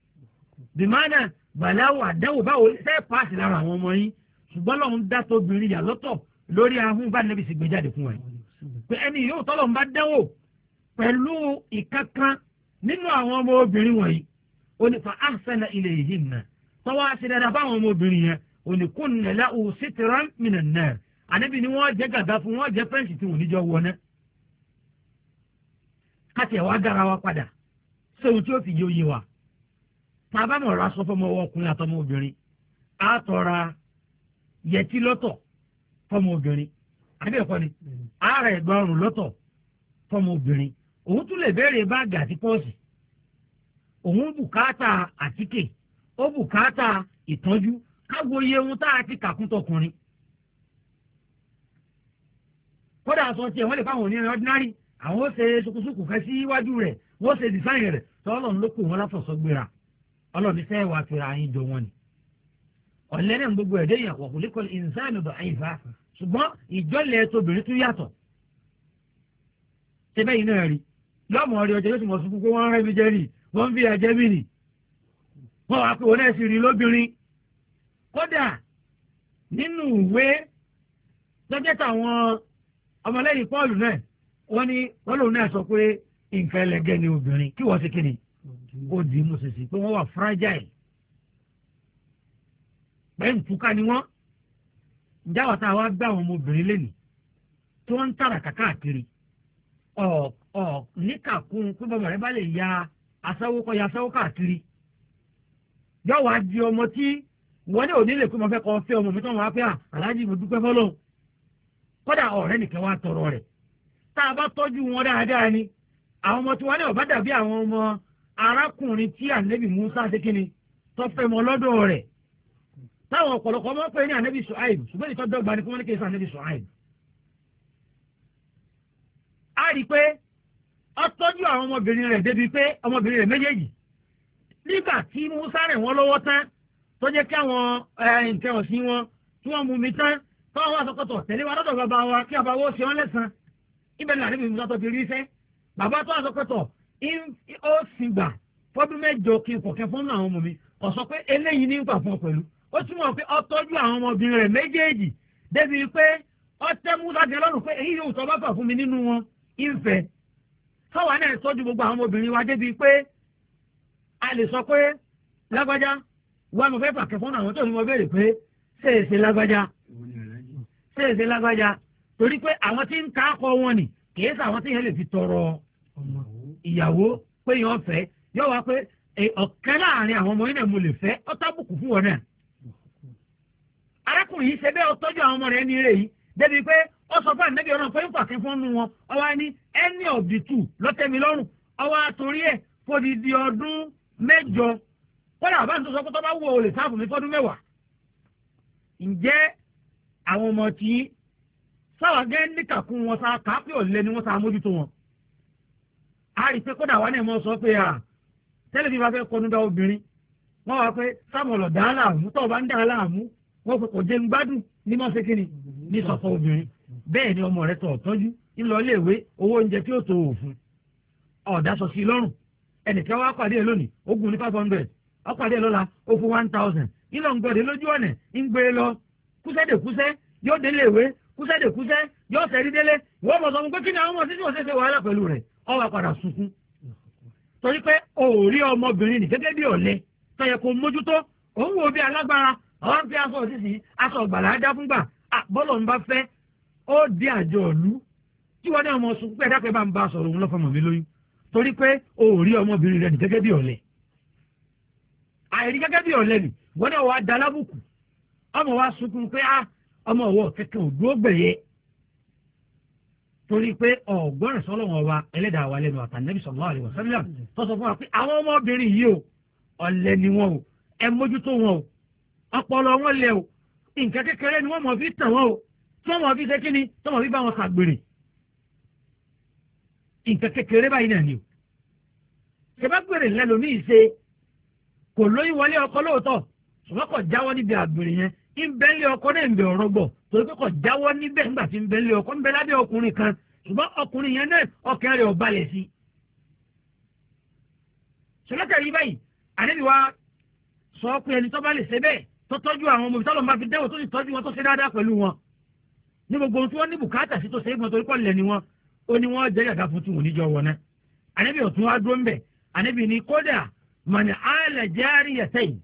bìmánà bàláwò àdáwò báwo ṣe é lára àwọn ọmọ yín ṣùgbọ́n lọ́run dá tóbìnrin yà lọ́tọ̀ lórí ahun bá nàbì sì gbé jáde fún wa yìí pé ẹni yóò tọ́lọ̀ ń bá dánwò pẹ̀lú ìkankan nínú àwọn ọmọ obìnrin wọ̀nyí ó ní fa ahsana ilayhinna tọ́wọ́ àti dáadáa fáwọn ọmọ obìnrin yẹn ó ní kunna lahu sitran minan nar ànábì ni wọ́n jẹ́ gàgà fún wọ́n jẹ́ fẹ́ǹsì tí wọ́n níjọ́ wọ ná káti ẹ̀ wá gara wa padà sóhun tí ó fi yé oyé wa tá ra sọ fọmọ ọkùnrin àtọmọ obìnrin á yẹtí lọ́tọ̀ fọmọ obìnrin àbí ẹ̀kọ́ ni hmm. ara ẹ̀gbà ọrùn lọ́tọ̀ fọmọ obìnrin òun tún lè béèrè báàgì àti pọ́ọ̀sì òun bùkátà àtíkè ó bùkátà ìtọ́jú káwo iye ohun tá a ti kàkún tọkùnrin kódà sọ tiẹ̀ wọ́n lè fáwọn onírin ordinary àwọn ó ṣe ṣokùnṣokùn fẹ́ sí iwájú rẹ̀ wọ́n ṣe design rẹ̀ tọ́lọ́run ló kù wọn láfọ̀sọ́ ọlọ́run fẹ́ wàá fira ayín jọ wọn ni ọ̀lẹ́rìn gbogbo ẹ̀dẹ́yìn àkọ́kùnrin kọ́ni ìnsáàlù bàá ìfà ṣùgbọ́n ìjọ́lẹ̀ tóbìnrin tún yàtọ̀ ṣẹbẹ́ yìí náà rí lọ́mọ rí ọjọ́ yóò ti mọ̀ sí pé wọ́n rẹ́ mi jẹ́ rì wọ́n ń fi ẹ̀jẹ̀ mi nì wọ́n wá pé òun náà sì rí lóbìnrin kódà nínú ìwé lọ́jọ́ táwọn ọmọlẹ́yìn Pọ́ọ̀lù náà wọ́n ní wọ́n lòun náà sọ pé nǹkan ẹlẹ́gẹ́ ni obìnrin kí wọ́n ti kí ni ó di mú sèse pé wọ́n wà fragile pẹ̀lú ni wọ́n jáwọ́ tá a wá gbá àwọn ọmọbìnrin lẹ́nu tí wọ́n ń tàràkà káàkiri ọ̀ ọ̀ níkàkún pé bàbá rẹ bá lè ya asáwó kọ́ ya asáwó káàkiri yóò wá di ọmọ tí wọ́n ní òní lè pé mo fẹ́ kọ́ fẹ́ ọmọ mi tó wọ́n á pé ah, aláàjì mo dúpẹ́ fọ́lọ́ kódà ọ̀rẹ́ nìkan wá tọrọ rẹ̀ tá a bá tọ́jú wọn dáadáa ni àwọn ọmọ tí wọ́n ní ọ̀bá dàbí àwọn ọmọ arákùnrin tí ànẹ́bì Musa ṣe kíni tọ́fẹ́ mọ́ lọ́dọ̀ rẹ̀ táwọn ọ̀pọ̀lọpọ̀ ọmọ pé ní ànábì Ṣuaib ṣùgbọ́n ìtọ́ dọ́gba ni fún wọn ní kí n sọ ànábì Ṣuaib. a rí i pé ó tọ́jú àwọn ọmọbìnrin rẹ̀ débi pé ọmọbìnrin rẹ̀ méjèèjì nígbà tí Musa rẹ̀ wọ́n lọ́wọ́ tán tó jẹ́ kí àwọn eh, nǹkan ọ̀sìn wọn tí wọ́n mú mi tán tó àwọn àsọkọtọ̀ tẹ̀lé wa lọ́dọ̀ bàbá wa kí àbáwọ́ ṣe wọ́n lẹ́sàn ibẹ̀ ni ànábì Musa tó ti rí iṣẹ́ bàbá tó àsọkọtọ̀ ó sì gbà fọ́dún mẹ́jọ kí n kọ̀kẹ́ fún àwọn ọmọ mi ó sọ pé eléyìí ní ń pà fún ọ pẹ̀lú ó túmọ̀ pé ọ tọ́jú àwọn ọmọbìnrin rẹ̀ méjèèjì débi pé ọ tẹ́ Musa gẹ lọ́rùn pé èyí yóò sọ bá fà fún mi nínú wọn ìfẹ́ káwa náà tọ́jú gbogbo àwọn ọmọbìnrin wa débi pé a lè sọ pé lágbájá wa mo fẹ́ pàkẹ́ fún àwọn tó ní mo béèrè pé ṣe lágbájá lágbájá akọ wọn ni tí yẹn fi tọrọ ìyàwó pé yẹn yọ wá pé láàrin àwọn ọmọ náà mo lè arákùnrin yìí ṣe bẹ́ẹ̀ ọtọ́jú àwọn ọmọ rẹ̀ ní eré yìí débi pé ó sọ fún ànábì ọ̀nà pé ń fàkín fún nu wọn ọwọ́ ní any of the two lọ́tẹ̀mí lọ́rùn ọwọ́ àtòrí ẹ̀ kò di di ọdún mẹ́jọ kọ́lá àbá ń tó sọ pé tó bá wù ọ lè sáàfù mi fọ́dún mẹ́wàá ǹjẹ́ àwọn ọmọ tí sáwà gẹ́ níkàkún wọn sá kápẹ́ ọ̀lẹ́ ni wọ́n sá mójútó wọn a rí pé kódà wa náà mọ sọ pé à tẹ́lẹ̀ fẹ́ kọnu dá obìnrin wọ́n wá pé sábọ̀lọ̀ dá láàmú tó o wọ́n fi kò jẹ́ ń gbádùn ní máa ṣe ní obìnrin bẹ́ẹ̀ ni ọmọ rẹ̀ tọ̀ tọ́jú ńlọ owó oúnjẹ tí ó tó òfin ọ̀dà sọ sí lọ́rùn ẹnìkan wá pàdé ẹ lónìí five hundred pàdé ẹ lọ́la ó one thousand ńlọ lójú ọ̀nà ń gbé e lọ kúsẹ́dẹ̀kúsẹ́ yóò dé kúsẹ́dẹ̀kúsẹ́ yóò tẹ̀rí délé wọ́n mọ̀ pé kí ni àwọn ọmọ títí wàhálà pẹ̀lú rẹ̀ padà sunkún torí pé ọmọbìnrin ọ̀hún pé aṣọ òṣìṣì aṣọ ọ̀gbàlà ajá fúngbà bọ́lọ̀ ń bá fẹ́ ó dé àjọ ìlú tí wọ́n ní ọmọ sùn pé ẹ̀dápẹ́ bá ń bá sọ̀rọ̀ òun lọ́fọ̀mọ̀ mi lóyún torí pé o ò rí ọmọbìnrin rẹ ní gẹ́gẹ́ bí ọ̀lẹ àìrí gẹ́gẹ́ bí ọ̀lẹ nì wọ́n ní ọwọ́ adá lábùkù ọmọ wa sunkún pé a ah, ọmọ ọwọ́ kẹ̀kẹ́ òdúró gbẹ̀yẹ torí pé ọ̀gbọ́n sọlọ́wọ́ wa ẹlẹ́dàá wa lẹ́nu àtànẹ́bí sallallahu alaihi wasallam tó sọ fún wa pé àwọn ọmọbìnrin yìí o ọ̀lẹ ni wọn o ẹ mójútó wọn o ọpọlọ wọn lẹ o nǹkan kékeré ni wọ́n mọ̀ fi tàn wọ́n o tí wọ́n mọ̀ fi ṣe kí ni tí wọ́n fi bá wọn ṣàgbèrè nǹkan kékeré báyìí náà ni o ṣèbágbèrè lẹ́lòmíì ṣe kò lóyún wọlé ọkọ lóòótọ́ ṣùgbọ́n kò jáwọ́ níbi àgbèrè yẹn ìbẹ́lẹ̀ ọkọ náà ń bẹ ọ̀rọ̀ gbọ̀ torí pé kò jáwọ́ níbẹ̀ nígbà tí ìbẹ́lẹ̀ ọkọ ń lábẹ́ ọkùnrin kan ṣùgbọ́n ọkùnrin yẹn náà ọkàn rẹ̀ ò balẹ̀ sí. ṣọlọ́tà yìí báyìí àdébíwá sọ ọkùnrin ẹni tó bá lè ṣe bẹ́ẹ̀ tó tọ́jú àwọn ọmọ ìtọ́lọ́ máa fi dẹ́wò tó sì tọ́jú wọn tó ṣe dáadáa pẹ̀lú wọn ní gbogbo ohun tí wọ́n ní bùkátà sí tó ṣe é fún torí pọ́lẹ̀ ni wọn ó ní wọ́n jẹ́ yàtá fún tùwọ̀n níjọ wọn náà ànábì ọ̀tún wá dúró ń bẹ̀ ànábì ní kódà mọ̀nì àlẹ̀ járí ẹ̀sẹ̀ yìí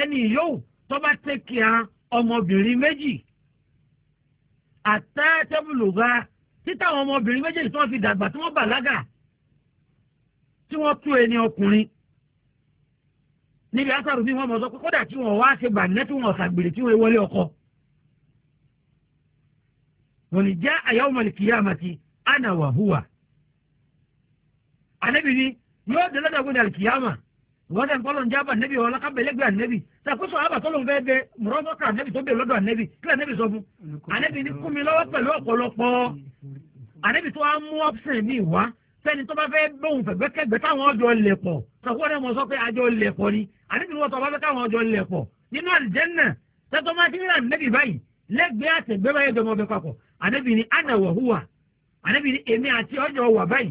ẹni yóò tó bá tẹ́ kí a ọmọbìnrin méjì àtẹ́ tẹ́bùlùgá títà ọmọbìnrin méjèèjì tí wọ́n fi dàgbà tí wọ́n bàlágà tí wọ́n tú ẹni ọkùnrin níbi asaru mi wọn mọ sọ pé kódà tí wọn wá ṣe gbàǹdẹ tí wọn ṣàgbèrè tí wọn wọlé ọkọ wọn ni já àyàwòmọlì kìyàmàtì ana wà hùwà anabi ni yóò dé lọ́dọ̀gbọ́n dàlí kìyàmà wọ́n dẹ̀ nkọ́lọ́ njẹ́ abà nẹ́bi ọ̀la kábẹ́lẹ́gbẹ́ anabi sàkóso àbà tọ́lọ̀ ń fẹ́ bẹ mùrọ́mọ́kà anabi tó bẹ lọ́dọ̀ anabi kílẹ̀ anabi sọ fún anabi ni kúmi lọ́wọ́ pẹ̀lú ọ̀pọ̀lọpọ̀ anabi tó wá mú mi wá fẹ́ni tó bá fẹ́ bóun fẹ̀gbẹ́kẹ́gbẹ́ táwọn ọjọ́ lẹ̀ pọ̀ sàkóso àdàmọ̀ sọ pé àjọ lẹ̀ ni àdìsí wọn tọ́ba fẹ́ káwọn ọjọ́ ilẹ̀ pọ̀ nínú àlìjẹ́nà tẹ́tọ́ máa ti ń rà nẹ́bì báyìí lẹ́gbẹ̀ẹ́ àtẹ̀gbẹ́ báyìí jọmọ bẹ papọ̀ àdìsí ni ana wà hùwà àdìsí ni èmi àti ọjọ́ wà báyìí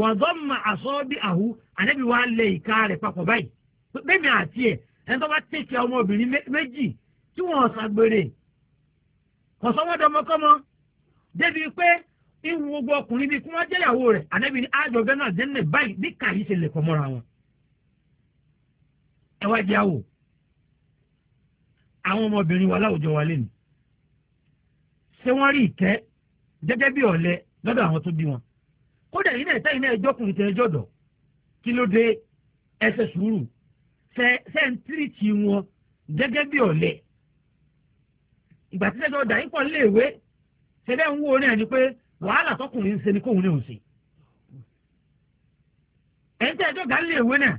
wà dọ́mà àsọ bí àhú àdìsí wa lẹ ìka rẹ̀ papọ̀ báyìí bẹ́ẹ̀ni àti ẹ̀ ẹni tó bá tẹ̀kẹ́ ọmọbìnrin méjì tí wọ́n ṣàgbèrè kọ̀sọ́wọ́dọmọkọ́mọ débi pé ìwọ gbogbo ẹ wá jẹ́ àwò àwọn ọmọbìnrin wa láwùjọ wa lẹ́nu ṣé wọ́n rí ìkẹ́ gẹ́gẹ́ bí ọ̀lẹ lọ́dọ̀ àwọn tó bí wọn kódà yìí náà sẹ́yìn náà ẹjọ́ kùnrin tẹ ẹjọ́ dọ̀ kí ló dé ẹsẹ̀ sùúrù ṣe ń tírìtì wọn gẹ́gẹ́ bí ọ̀lẹ ìgbà tí sẹ́jọ́ ọ̀dà yín pọ̀ léèwé ṣe bẹ́ẹ̀ ń wó orin ẹ̀ ni pé wàhálà tọkùnrin ń ṣe ni kóhun ní òun ṣe ẹ̀ ń tẹ́ ẹjọ́ gà léèwé náà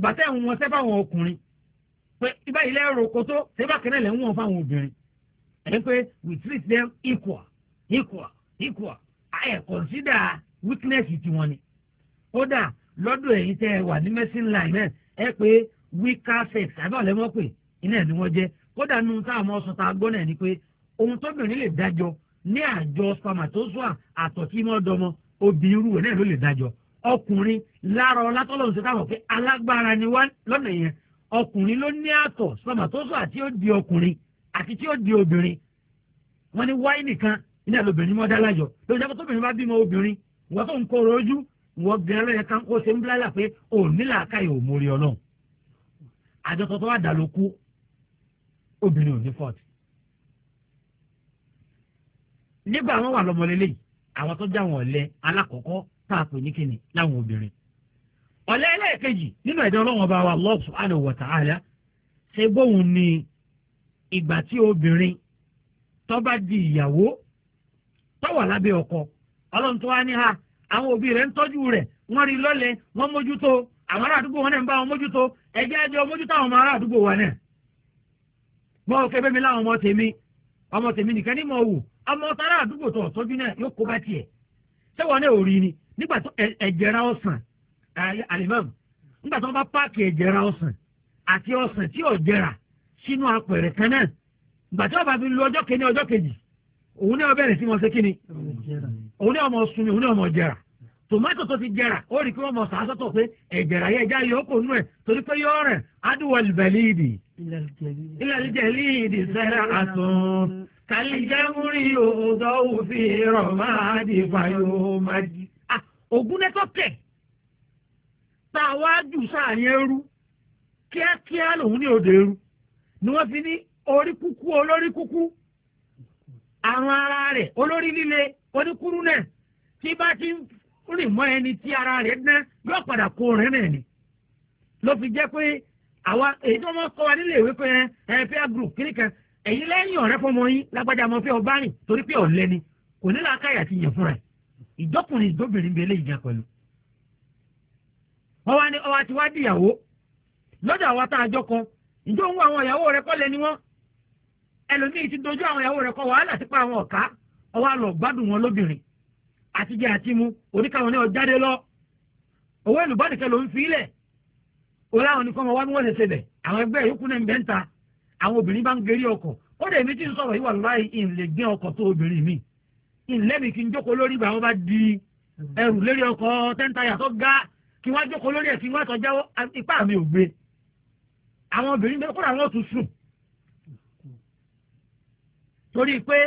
gbàtẹ́ ń wọn sẹ́ fáwọn ọkùnrin pé ibà ilẹ̀ roko tó sẹ́fà kẹ́nẹ́ lẹ́ ń wọn fáwọn obìnrin ẹ̀ pé we treat them equal equal equal ẹ̀ consider weakness tiwọn ni kódà lọ́dọ̀ ẹ̀yin tẹ́ ẹ wà ní medicine line náà ẹ pé weaker sex àbí ọ̀lẹ́ mọ́ pé iná ẹ̀ ni wọ́n jẹ́ kódà nínú tá a mọ̀ sọ tá a gbọ́ náà ni pé ohun tóbìnrin lè dájọ́ ní àjọ spermatozoa àtọ̀tí mọ́ dọmọ obì irú ẹ̀ náà ló lè dájọ́ ọkùnrin lára ọlá tọ́lọ́run ṣe táwọn pé alágbára ni wá lọ́nà yẹn ọkùnrin ló ní àtọ̀ sọmọtòsọ àti ó di ọkùnrin àti tí ó di obìnrin wọ́n ní wáyé nìkan iná lóbìnrin mọ́ dá lájọ lójú ẹgbẹ́ tóbìnrin bá bímọ obìnrin wọ́n tó ń kóró ojú wọ́n gẹ̀rẹ́ lọ́yẹ kan ó ṣe ń bíláyà pé ò nílà káyọ̀ ò mórí ọlọ́run àjọ tọ́tọ́ wà dà ló kú obìnrin ò ní fọ́ọ̀tì. nígbà wọn wà lọmọlélẹ́yìn àwọn tó já wọn alákọ̀ọ́kọ́ tá a pè ní kíni láwọn obìnrin. ọ̀lẹ́ ẹlẹ́ẹ̀kejì nínú ẹ̀dá ọlọ́wọ́n bá wa Allah subhanahu wa ṣe bóun ni ìgbà tí obìnrin di ìyàwó tó lábẹ́ ọkọ ọlọ́run tó wá ní ha àwọn òbí rẹ̀ ń tọ́jú rẹ̀ wọ́n rí lọ́lẹ̀ wọ́n mójútó àwọn ará àdúgbò wọn náà ń bá wọn mójútó mójútó àwọn ará ọmọ tèmi ọmọ tèmi nìkan ní mọ̀ wù ọmọ àdúgbò tó ọ̀tọ́jú náà yóò kó ni nígbà tó ẹ̀jẹ̀ra ọ̀sán alimam nígbà tó wọ́n bá páàkì ẹ̀jẹ̀ra ọ̀sán àti ọ̀sán tí ò jẹrà sínú apẹ̀rẹ̀ kan náà nígbà tí wọ́n bá fi lu ọjọ́ kìíní ọjọ́ kejì òun ní ó bẹ̀rẹ̀ sí wọn ṣe kíni òun ní ọmọ sunmi òun ní ọmọ jẹrà tòmátò tó ti jẹrà ó rí i pé wọ́n mọ sàásọ́tọ̀ pé ẹ̀jẹ̀ra yẹ ẹja yọ kó nú ẹ̀ torí pé yọ rẹ̀ adúwọ̀lì bẹ̀líìdì ilẹ̀ jẹ̀líìdì sẹ́rà àtún kàlíjẹ́múrí òòdọ́ òfin rọ̀ máa dì fàyọ̀ máa dì ògúnlẹ́tọ̀ tẹ̀ tá a wá jù sáàyàn eru kíákíá lòun ní òde eru ni wọ́n fi ní orí kúkú olórí kúkú àrùn ara rẹ̀ olórí líle oníkúrú náà tí bá ti rìn mọ́ ẹni tí ara rẹ̀ dán yóò padà kó rẹ̀ náà ni ló fi jẹ́ pé àwa èyí tó wọ́n kọ́ wa nílé ìwé pé ẹ group kiri kan èyí lẹ́yìn ọ̀rẹ́ fọmọ yín lágbájá ọmọ fẹ́ ọba rìn torí pé ọ̀lẹ́ni kò ní làákàyà ti yàn fúnra ẹ̀ ìjọkùnrin ìjọbìnrin bẹ eléyìí jẹ pẹ̀lú. wọ́n wá ní ọwọ́ àti wá dìyàwó lọ́dọ̀ àwọn tá a jọ kan ìjọ ń wọ àwọn ìyàwó rẹ̀ kọ́ lẹ́ni wọ́n ẹlòmíì ti dojú àwọn ìyàwó rẹ̀ kọ́ wàhálà sí pa àwọn ọ̀ká ọwọ́ àlọ́ gbádùn wọn lóbìnrin àtijẹ àtimu oníkàwọn ní ọjáde lọ owó ìlúbọ́nìkẹ́ ló ń fi ilẹ̀ òun àwọn nìkan wọn wá bí wọ́n ṣe ṣe bẹ̀ àwọn ẹgbẹ́ yòókù náà ń bẹ́ ń ta àwọn obìnrin bá ń gerí ọkọ̀ ó dẹ̀ mi ti sọ̀rọ̀ yìí wà láì ìlẹ̀gbẹ́ ọkọ̀ tó obìnrin mi ìlẹ́mì kí n jókòó lórí ìgbà wọn bá di ẹrù lérí ọkọ̀ tẹ́ńtayà tó ga kí wọ́n jókòó lórí ẹ̀ kí wọ́n tọ́jà ipá mi ò gbé àwọn obìnrin bẹ́ẹ̀ kóra wọn tún sùn torí pé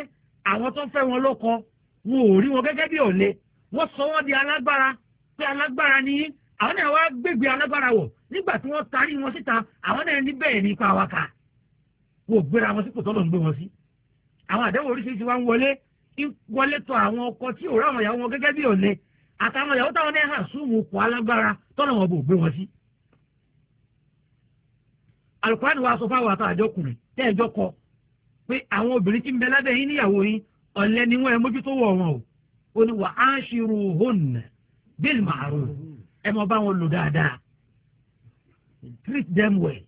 àwọn tó ń fẹ́ wọn lóko wọn ò rí wọn gẹ́gẹ́ bí òle wọ́n sọ wọ́n di alágbára pé alágbára ni àwọn náà wá gbégbé alágbára wọ̀ nígbà tí wọ́n tarí wọn síta àwọn náà ní bẹ́ẹ̀ ní ipa wa kà wọ́n gbéra wọn sípò tọ́lọ̀ ń gbé wọn sí àwọn àdéhùn oríṣiríṣi wá ń wọlé wọlé tọ àwọn ọkọ tí òun àwọn ìyàwó wọn gẹ́gẹ́ bí ọ̀lẹ àtàwọn ìyàwó táwọn náà hàn súnmù pọ̀ alágbára tọ́nà wọn bò gbé wọn sí. alukurani wa sọ fáwọn àtàwọn àjọkùnrin tẹ́ ẹ̀jọ́ kọ pé àwọn obìnrin tí ń bẹ lábẹ́ yín níyàwó yín ọ̀lẹ ni wọ́n ẹ mójútó wọ̀ wọn o ó ní wà á ń ṣirò hónà bíl màrú ẹ mọ bá wọn lò dáadáa treat them well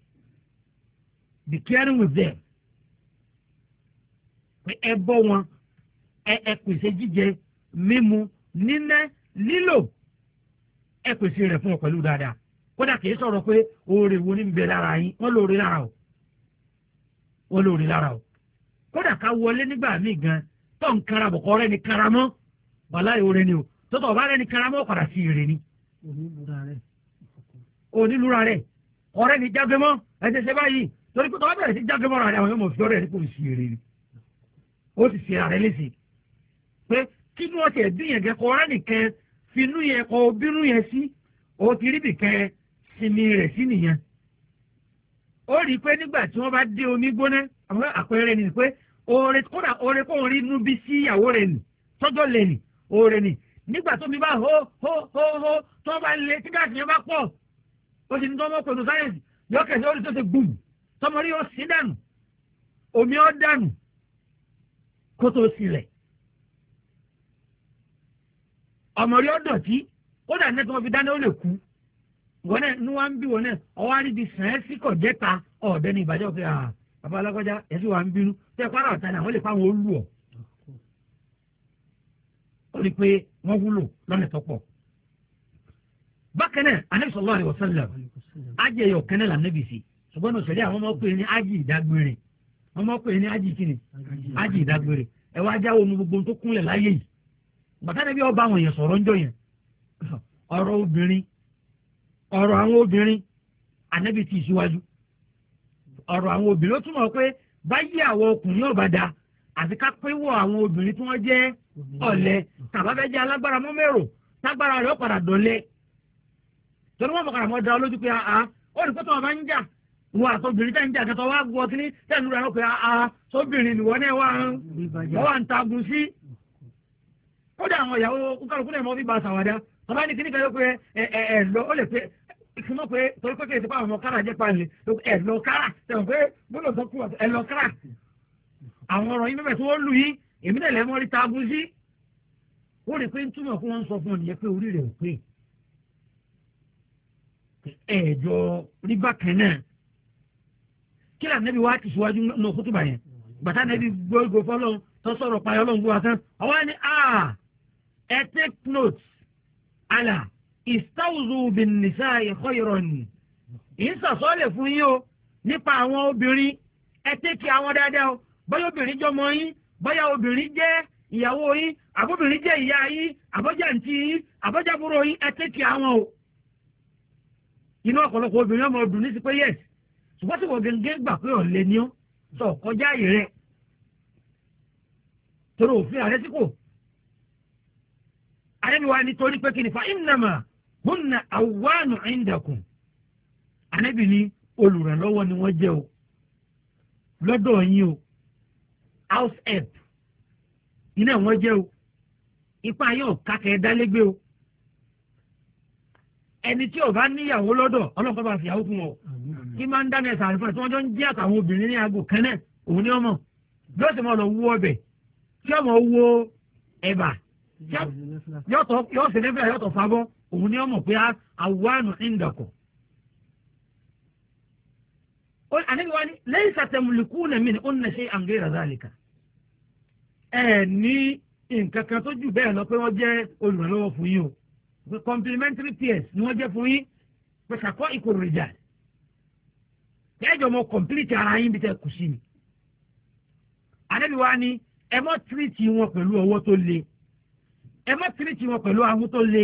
be caring with them ẹ bọ́ wọn ẹ pèsè jíjẹ mímu níná lílò ẹ pèsè rẹ̀ fún ọ pẹ̀lú dáadáa kódà kìí sọ̀rọ̀ pé oore wo ni ń bẹ lára yín wọ́n lóore lára o wọ́n lóore lára o kódà ká wọlé nígbà míì gan tó ń kara bọ̀kọ́ rẹ ni karamọ́ wàláyé oore ni o tọ́tọ̀ ọba rẹ ni karamọ́ padà sí ire ni onílùra rẹ ọ̀rẹ́ ni jágbémọ́ ẹ ti ṣe báyìí torí pé tọ́wọ́ bẹ̀rẹ̀ sí jágbémọ́ rẹ àwọn yóò mọ̀ fi ọ̀rẹ́ rẹ kò sí ire ni ó ti ṣe àrẹ léṣe pé kí ni wọ́n yẹn kẹ́kọ̀ ọ̀rá nìkan finú yẹn kọ bínú yẹn sí o ti rí nìkan sinmi rẹ̀ sí nìyẹn. ó rí i pé nígbà tí wọ́n bá dé omi gbóná àwọn àpẹẹrẹ ni pé oore kódà oore kóun rí inú bí sí ìyàwó rẹ̀ nì tọ́jọ́ lẹ̀ nì oore nì nígbà tómi bá hó hó hó hó tó bá lé tí gáàsì yẹn bá pọ̀ ó ti ní tó mọ́ pẹ̀lú sáyẹ̀nsì yọ kẹsì ó rí tó ṣe gbùm tọmọ rí o sí dànù omi ó dànù kó tó ọmọ rí ọdọ tí ó dà nẹ́tọ́ wọn fi dáná ó lè kú wọn náà ní wọn bí wọn náà ọwọ́ àríbi sàn ẹ́ sí kọ̀ jẹ́ta ọ̀ọ́dẹ́ ní ìbàjẹ́ òfin àà bàbá alákọ́já ẹ̀sìn wa ń bínú tẹ́ pàrọ̀ ọ̀tá ni àwọn lè pa àwọn olú ọ̀ ó rí i pé wọ́n wúlò lọ́nà tó pọ̀ bákan anabi sallallahu alaihi wasallam ajé yọ kẹ́nẹ́ là níbi sí ṣùgbọ́n òṣèlú àwọn ọmọkùnrin ní ajé ìdágbére ọmọkùnrin ní ajé kíni ajé ìdágbére ẹ wá nu gbogbo tó kúnlẹ̀ láyé yìí bàtàdé bí ọba àwọn èèyàn sọ̀rọ̀ ń jọ yẹn ọ̀rọ̀ obìnrin ọ̀rọ̀ àwọn obìnrin ànábì ti ìṣíwájú ọ̀rọ̀ àwọn obìnrin ó túmọ̀ pé àwọn ọkùnrin ọba da àti ká àwọn obìnrin tí wọ́n jẹ́ jẹ́ alágbára tágbára rẹ̀ ó padà torí wọ́n mọ̀kàrà mọ́ da pé àá ó rí pẹ́tọ́ ọba ń jà ń jà wá gbọ́ kínní kódà àwọn ìyàwó kúkàlùkù náà mọ́ fi ba àṣàwàdà bàbá ní kíníkà yóò pé ẹ ẹ lọ ó lè pé ìsúná pé torí pé kéèké àwọn kára jẹ́ pàṣẹ ẹ lọ kára tẹ̀wọ̀n pé gbọ́dọ̀ tó kú ẹ lọ kára àwọn ọ̀rọ̀ yín mẹ́fẹ̀ẹ́ tí wọ́n lù yín èmi náà lẹ́ mọ́ rí taabu sí ó rí pé ń túmọ̀ kí wọ́n sọ fún ọ nìyẹn pé orí rẹ̀ ò pé ẹ̀ẹ́dọ̀ rí náà kí lànà bí wàá ti náà kótó bàyẹn bàtà náà bí gbogbo fọlọ́ tó sọ̀rọ̀ payọ́ lọ́ngbọ́n wa tán ọwọ́ ni aaa ẹ take note àlà ìsáwùzù bìnnìṣà ẹ̀kọ́ ìrọ̀nì ìsàsọ́lẹ̀ fún yín o nípa àwọn obìnrin ẹ tẹ́kì àwọn dáadáa o bóyá obìnrin jọmọ yín bóyá obìnrin jẹ́ ìyàwó yín àbóbìnrin jẹ́ ìyá yín àbọ́jà ntí yín àbọ́jà búrò yín ẹ tẹ́kì àwọn o. inú ọ̀pọ̀lọpọ̀ obìnrin ọmọ ọdún nísì pé yẹs ṣùgbọ́n tí wọ́n gẹ́gẹ́ gbà pé ọ̀lẹ́ ni ó sọ kọjá ààyè torí òfin àrẹ ànábì wa nítorí pé kí ni fa ìnàmà húnna àwọnù ìndàkùn ànábì ní olùrànlọ́wọ́ ni wọ́n jẹ́ o lọ́dọ̀ yín o house help iná wọ́n jẹ́ o ipa yóò kákẹ́ dálégbé o ẹni tí ó bá níyàwó lọ́dọ̀ ọlọ́kọ̀ bá fìyàwó fún ọ. kí máa ń dáná ẹ̀sà àlùfáà tí wọ́n jọ ń jẹ́ àtàwọn obìnrin ní aago kẹ́nẹ́ òun ni ọmọ bí ó sì máa lọ wú ọbẹ̀ tí ọmọ wo ẹ̀bà yóò ṣe nẹ́fẹ̀lá yóò tọ̀ fábọ́ òun ni ọmọ pé àwọnù ìndàkọ̀. àníbi wá ní lẹ́yìn sàtẹ̀mùlùkù nàmí ni ó ń nàṣẹ́ àǹgẹ́rẹ́ ràzálìkà ẹ̀ ní nǹkan kan tó jù bẹ́ẹ̀ lọ pé wọ́n jẹ́ olùrànlọ́wọ́ fún yín o pé complementary peers ni wọ́n jẹ́ fún yín pé kàkọ́ ìkòrò ìjà kẹjọ mọ complete ara yín bí tẹ kù sí mi. àníbi wá ní ẹ mọ́ tírìtì wọn pẹ̀lú ọwọ́ tó le ẹ má tìrìtì wọn pẹ̀lú ahun tó le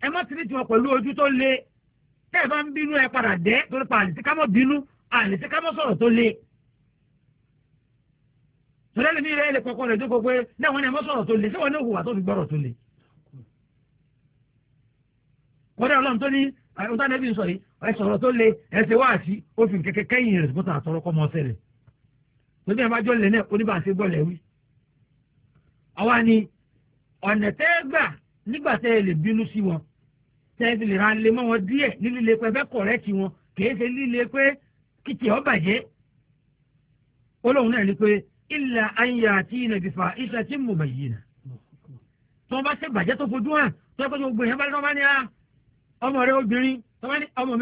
ẹ má tìrìtì wọn pẹ̀lú ojú tó le tẹ́ ẹ bá ń bínú ẹ padà dẹ́ torí pa àlìsí ká mọ́ bínú àlìsí ká mọ́ sọ̀rọ̀ tó le torí ẹlẹ́mi rẹ̀ ẹ̀ lè kọ́kọ́ rẹ̀ dúkọ́ pé náà wọn ni ẹ mọ́ sọ̀rọ̀ tó le ṣé wọn ní òhùwà tó fi gbọ́rọ̀ tó le kọ́dà ọlọ́run tó ní ọ̀tá nẹ́bí ń sọ yìí ẹ sọ̀rọ̀ tó le ẹsẹ̀ wá sí òfin kẹ̀kẹ́ kẹ́yìn rẹ̀ sọ́tà àtọ́rọ́ kọ́ mọ́ sẹ́lẹ̀ lójú ẹ̀ bá jọ́ lẹ̀ náà oníbàṣẹ́ gbọ́ lẹ̀ wí. àwa ni ọ̀nà tẹ́ ẹ gbà nígbà tẹ́ ẹ lè bínú sí wọn tẹ́ ẹ lè ra lè mọ́ wọn díẹ̀ ní líle pé ẹfẹ́ kọ̀rẹ́tì wọn kì í ṣe líle pé kìtì ọ bàjẹ́ olóhùn náà ni pé ilà ayé àti ìnàbìfà iṣẹ́ tí mo bàyìí nà tí wọ́n bá ṣe bàjẹ́ tó fojú hàn tó yẹ kó tó gbìyànjú ọmọ rẹ obìnrin ọmọ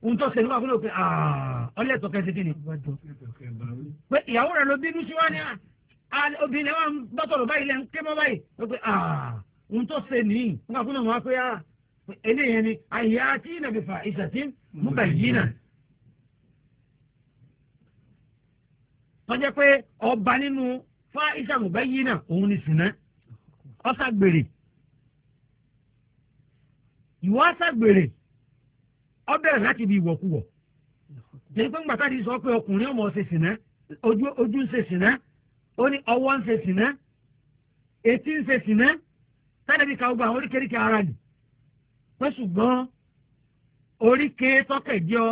ohun tó ṣe nígbà fúnlẹ̀ òfin ah, ọlẹ́tọ̀kẹ́ ṣe kí ni pé ìyàwó rẹ ló bínú sí wá ní à ah, obìnrin wa báyìí ké mọ́ báyìí wọ́n pe ah, ohun tó ṣe nìyí wọ́n kà fún ya eléyìí ni àyà tí nàbí fa ìṣàtì mú bẹ̀ yí nà. tọ́jà pé ọba nínú fa ìṣàmù bẹ́ yí nà òun ni sùnà ọ̀sàgbèrè ìwọ ọ̀sàgbèrè ọbẹ̀ láti bí ìwọ̀kuwọ̀ jẹ́ pé ti sọ pé ọkùnrin ọmọ sìnà ojú ń ó ní ọwọ́ ń ṣe sìnà etí ń ṣe sìnà sádẹ́bí ka gbogbo àwọn oríkèéríkèé ara nì pé ṣùgbọ́n oríkèé tọ́kẹ̀ jẹ́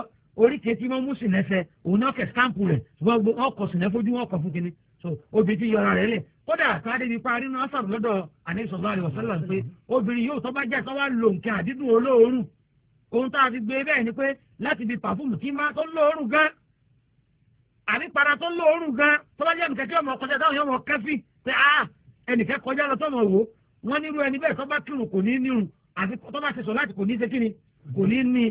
oríkèé tí wọ́n mú sìnà ẹsẹ̀ òun náà kẹ̀ stampu rẹ̀ ṣùgbọ́n gbogbo wọn kọ̀ sìnà fojú wọn kọ̀ fún kinní so obìnrin ti yọra rẹ̀ lẹ̀ kódà sádẹ́bí parí náà sàrò lọ́dọ̀ àníṣọ́lá rẹ̀ wọ̀sálà pé obìnrin yóò tọ́ bá jẹ́ sọ́wọ́ lò àdídùn olóòórùn ohun tá a fi gbé bẹ́ẹ̀ ni pé láti fi pàfúùmù tí máa tó lóòórùn gan-an àbí para tó lóorùn gan tó bá jẹ́ nìkan tí ọmọ kọjá táwọn yọmọ kẹ́sì pé a ah, ẹnìkan kọjá lọ tọmọ wò wọn nírú ẹni bẹ́ẹ̀ tó bá kírun kò ní nírun àti tó bá ṣe sọ láti kò ní ṣe kíni kò ní ní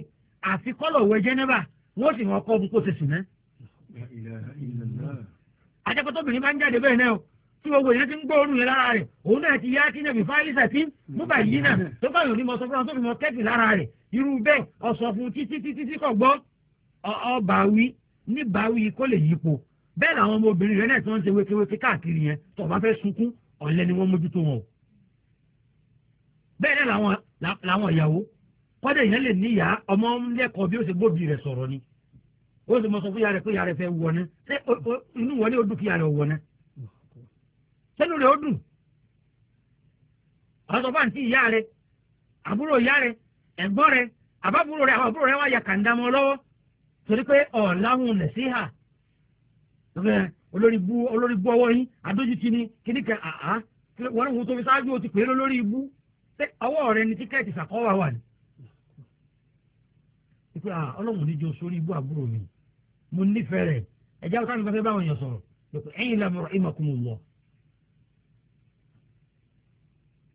àfi kọ́lọ̀ wẹ jẹ́nẹ́bà wọ́n sì hàn kọ́ ọdún kó ṣe sì náà. ajẹ́pẹ́tọ́bìnrin bá ń jáde bẹ́ẹ̀ náà tí gbogbo yẹn ti ń gbóòórùn yẹn lára rẹ̀ òun náà ti yá kí nàbì fáyísà tí múbà yìí náà tó bá yòó mọ sọ fún tó fi mọ kẹ́ẹ̀tì lára rẹ̀ irú bẹ́ẹ̀ ọ̀sọ̀ fún títí títí kọ̀ gbọ́ ọba wí níbàáwí kó lè yípo bẹ́ẹ̀ làwọn ọmọ obìnrin rẹ náà tí wọ́n ń ṣe wékéwéké káàkiri yẹn tó bá fẹ́ sunkún ọ̀lẹ ni wọ́n mójútó wọn o bẹ́ẹ̀ náà làwọn ìyàwó kọ́dà yẹn lè níyà ọmọ lẹ́kọ̀ọ́ bí ó ṣe gbóbi rẹ̀ sọ̀rọ̀ ni ó sì mọ sọ fún yàrá rẹ̀ pé yàrá rẹ̀ fẹ́ wọná inú wọlé ó dùn kí yàrá rẹ̀ wọná sẹ́nu rẹ̀ ó dùn ọ̀sọ̀ bá ń tí ìyá rẹ̀ àbúrò ìyá rẹ̀ ẹ̀gbọ́n rẹ̀ àbábúrò rẹ̀ àwọn àbúrò rẹ̀ wá yà kàńdàmọ́ lọ́wọ́ torí pé ọ̀làhùn nẹ̀síhà olórí bu olórí bu ọwọ́ yín adójútì ni kíní kan àá wọ́n ní wọ́n tóbi ṣáájú o ti pè é lórí ibú ọwọ́ rẹ ni tíkẹ́ẹ̀tì sàkọ́wà wà ní. pípẹ́ à ọlọ́run níjọ sórí ibú àbúrò mi mo nífẹ̀ẹ́ rẹ̀ ẹ̀jẹ̀ àwọn táwọn ìfẹ́ báwọn èèyàn sọ̀rọ̀ lọ́pọ̀ ẹ̀yìn lámọ̀rọ̀ ìmọ̀ kún un wọ̀.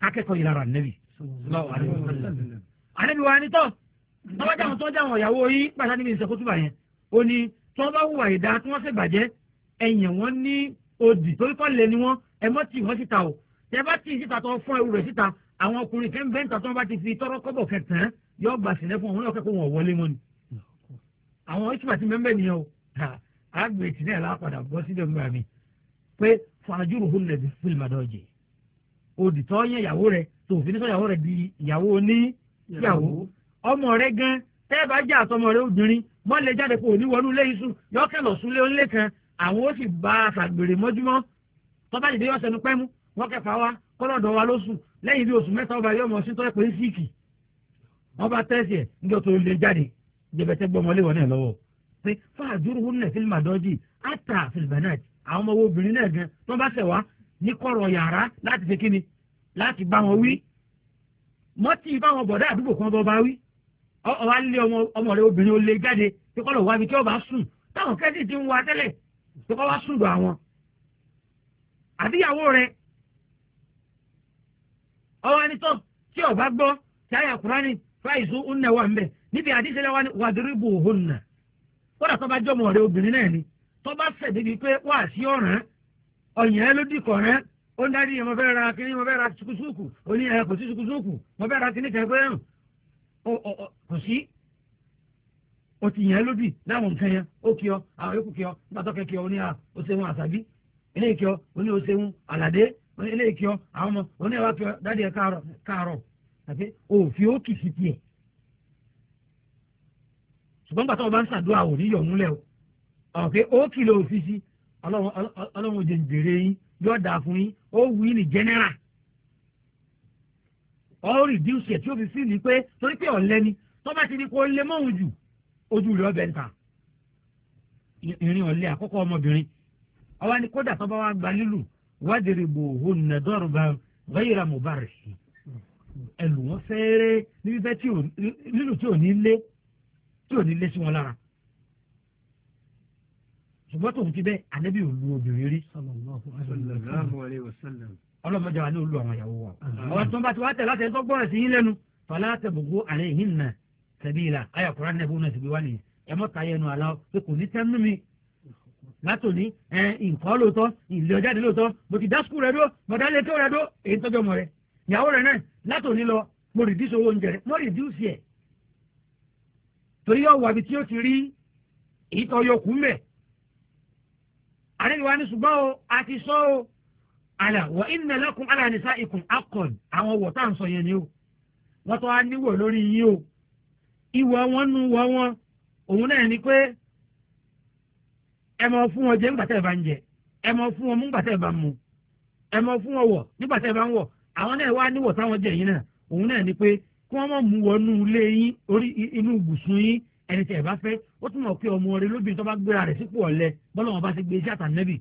akẹ́kọ̀ọ́ yìí lára nẹ́bì. ànẹ́bì wa ni tọ́ tọ́jà wọn tọ́jà wọn ìyàwó yìí pàṣẹ níbi ìṣèkótúbà yẹn ó ní tí wọ́n bá hùwà ìdá tí wọ́n sì bàjẹ́ ẹ̀yìn wọn ní odì torí kọ́ lé ni wọ́n ẹ mọ́ tì wọ́n síta o tẹ bá tì síta tó fún ẹrù rẹ̀ síta àwọn ọkùnrin kan bẹ́ẹ̀ níta tí wọ́n bá ti fi tọ́rọ́ kọ́bọ̀ kẹtàn yọ gbà sílẹ̀ fún wọn lọ́kẹ́kọ̀ọ́ wọn wọlé mọ́ ni àwọn ìṣúná ti mẹ́mẹ́ nìyẹn o àgbè tì náà lápadà bọ́ síbẹ̀ ńgbà mi pé fàájúrò hó lẹ̀ fílì màdọ́jì odì tọ́ yẹ ìyàwó rẹ̀ tó òfin sọ ìyàwó ọmọ rẹ gan tẹ́ bá jà sọmọ rẹ obìnrin wọ́n lè jáde pé òní wọnú ilé iṣu yọ́kẹ́lọ̀ súnlé onílé kan àwọn ó sì bá a ṣàgbèrè mọ́júmọ́ tọ́ba dìde yọ sẹnu pẹ́mú wọ́n kẹfà wa kọ́lọ́dọ̀ wa lóṣù lẹ́yìn bí oṣù mẹ́ta ọba yọmọ sí tọ́lẹ̀ pé ń síìkì wọ́n bá tẹ́sí ẹ̀ níjọ́ tó lè jáde jẹ̀bẹ̀tẹ́ gbọ́mọlé wọn náà lọ́wọ́ pé fáàdúró wọn náà fílmà dọ́jì áta fìlbẹ̀nẹ́t àwọn ọmọ obìnrin náà gan tó bá sẹ̀ wá ní kọ̀rọ̀ yàrá láti fi kíni láti bá wọn wí mọ́tì báwọn bọ̀dá àdúgbò kan bọ́ bá wí ọwọ́ alẹ́ ọmọ rẹ obìnrin ó lé jáde tí kọ́ lọ wá ibi tí ọba sùn táwọn kẹ́sì ti ń wá tẹ́lẹ̀ tí kọ́ wá sùn dọ̀ àwọn. àdíyàwó rẹ ọwọ́ ọba gbọ́ tí fáìsù níbi àdíṣẹ́lẹ̀ wa ni wàdúrúbù òhun nà kódà tó bá ọmọ rẹ obìnrin náà ni tó bá débi pé wà sí ọ̀ràn ọ̀yàn ẹ ló kò sí o ti yàn án lódì láwọn nǹkan yẹn ó kí ọ àwọn yòókù kí ọ nígbà tó kẹ́kẹ́ ọ ní à ó ṣe wọn àṣàbí eléyìí kí ọ ó ní ó ṣe wọn àlàdé eléyìí kí ọ àwọn ọmọ ó ní ẹwà kí ọ dáàdì ẹ káàárọ̀ káàárọ̀ àti òfin ó kì sí tiẹ̀ ṣùgbọ́n gbàtọ́ ọba ń ṣàdúrà ò ní yọ̀ọ́nú lẹ̀ o ọ̀rọ̀ pé ó kìlọ̀ òfin sí ọlọ́run òjèǹdèrè yín yín ó ọ́ rìdíùsì ẹ̀ tí ó fi sí ni pé torí pé ọ̀lẹ́ ni tó bá ti di kó lé mọ́hùn jù ojú rẹ̀ ọbẹ̀ nǹkan ìrìn ọ̀lẹ́ àkọ́kọ́ ọmọbìnrin àwa ni kódà tó bá wá gba lílù wádìrí bò ó nà dọ́rù bá gbẹ́yìrà mo bá rẹ̀ sí ẹlù wọn fẹ́ẹ́rẹ́ lílù tí ò ní lé tí ò ní lé sí wọn lára ṣùgbọ́n tòun ti bẹ́ẹ̀ ànábì ò lu obìnrin rí. sallallahu alaihi wasallam ọlọ́mọdé wa ní olú àwọn ìyàwó wa. àwọn tó ń bá ti wá tẹ̀ láti ẹ̀tọ́ gbọ́rọ̀ sí yín lẹ́nu fàlà tẹ̀bùgó àlẹ́ yìí nà sẹ́bíìlà ayà kúrá ní ẹ̀fọ́ náà sì bí wá nìyẹn ẹ mọ́ta yẹnu àlá pé kò ní tẹ́nu mi látòní ẹ nǹkan lóòótọ́ ìlú ọjáde lóòótọ́ mo ti dá sukùl rẹ dúró mo dá létí rẹ dúró èyí tọ́jú ọmọ rẹ ìyàwó rẹ náà látòní àlà wọ iná lẹkùn àlà nìsa ikùn akọn àwọn wọ tá à ń sọ yẹn ni o wọn tó wá níwọ lórí yín o ìwọ wọn nu wọ wọn òun náà ni pé ẹ máa fún wọn jẹ nígbà tẹ́ ẹ bá ń jẹ ẹ máa fún wọn mú nígbà tẹ́ ẹ bá ń mu ẹ máa fún wọn wọ nígbà tẹ́ ẹ bá ń wọ àwọn náà wá níwọ táwọn jẹ yín náà òun náà ni pé kí wọn má mú wọnú ilé yín orí inú ibùsùn yín ẹni tẹ́ ẹ bá fẹ́ ó túmọ̀ pé ọmọ rẹ lóbìnrin tó bá gbéra rẹ̀ sípò ọ̀lẹ bọ́lá ti gbé iṣẹ́ àtànẹ́bì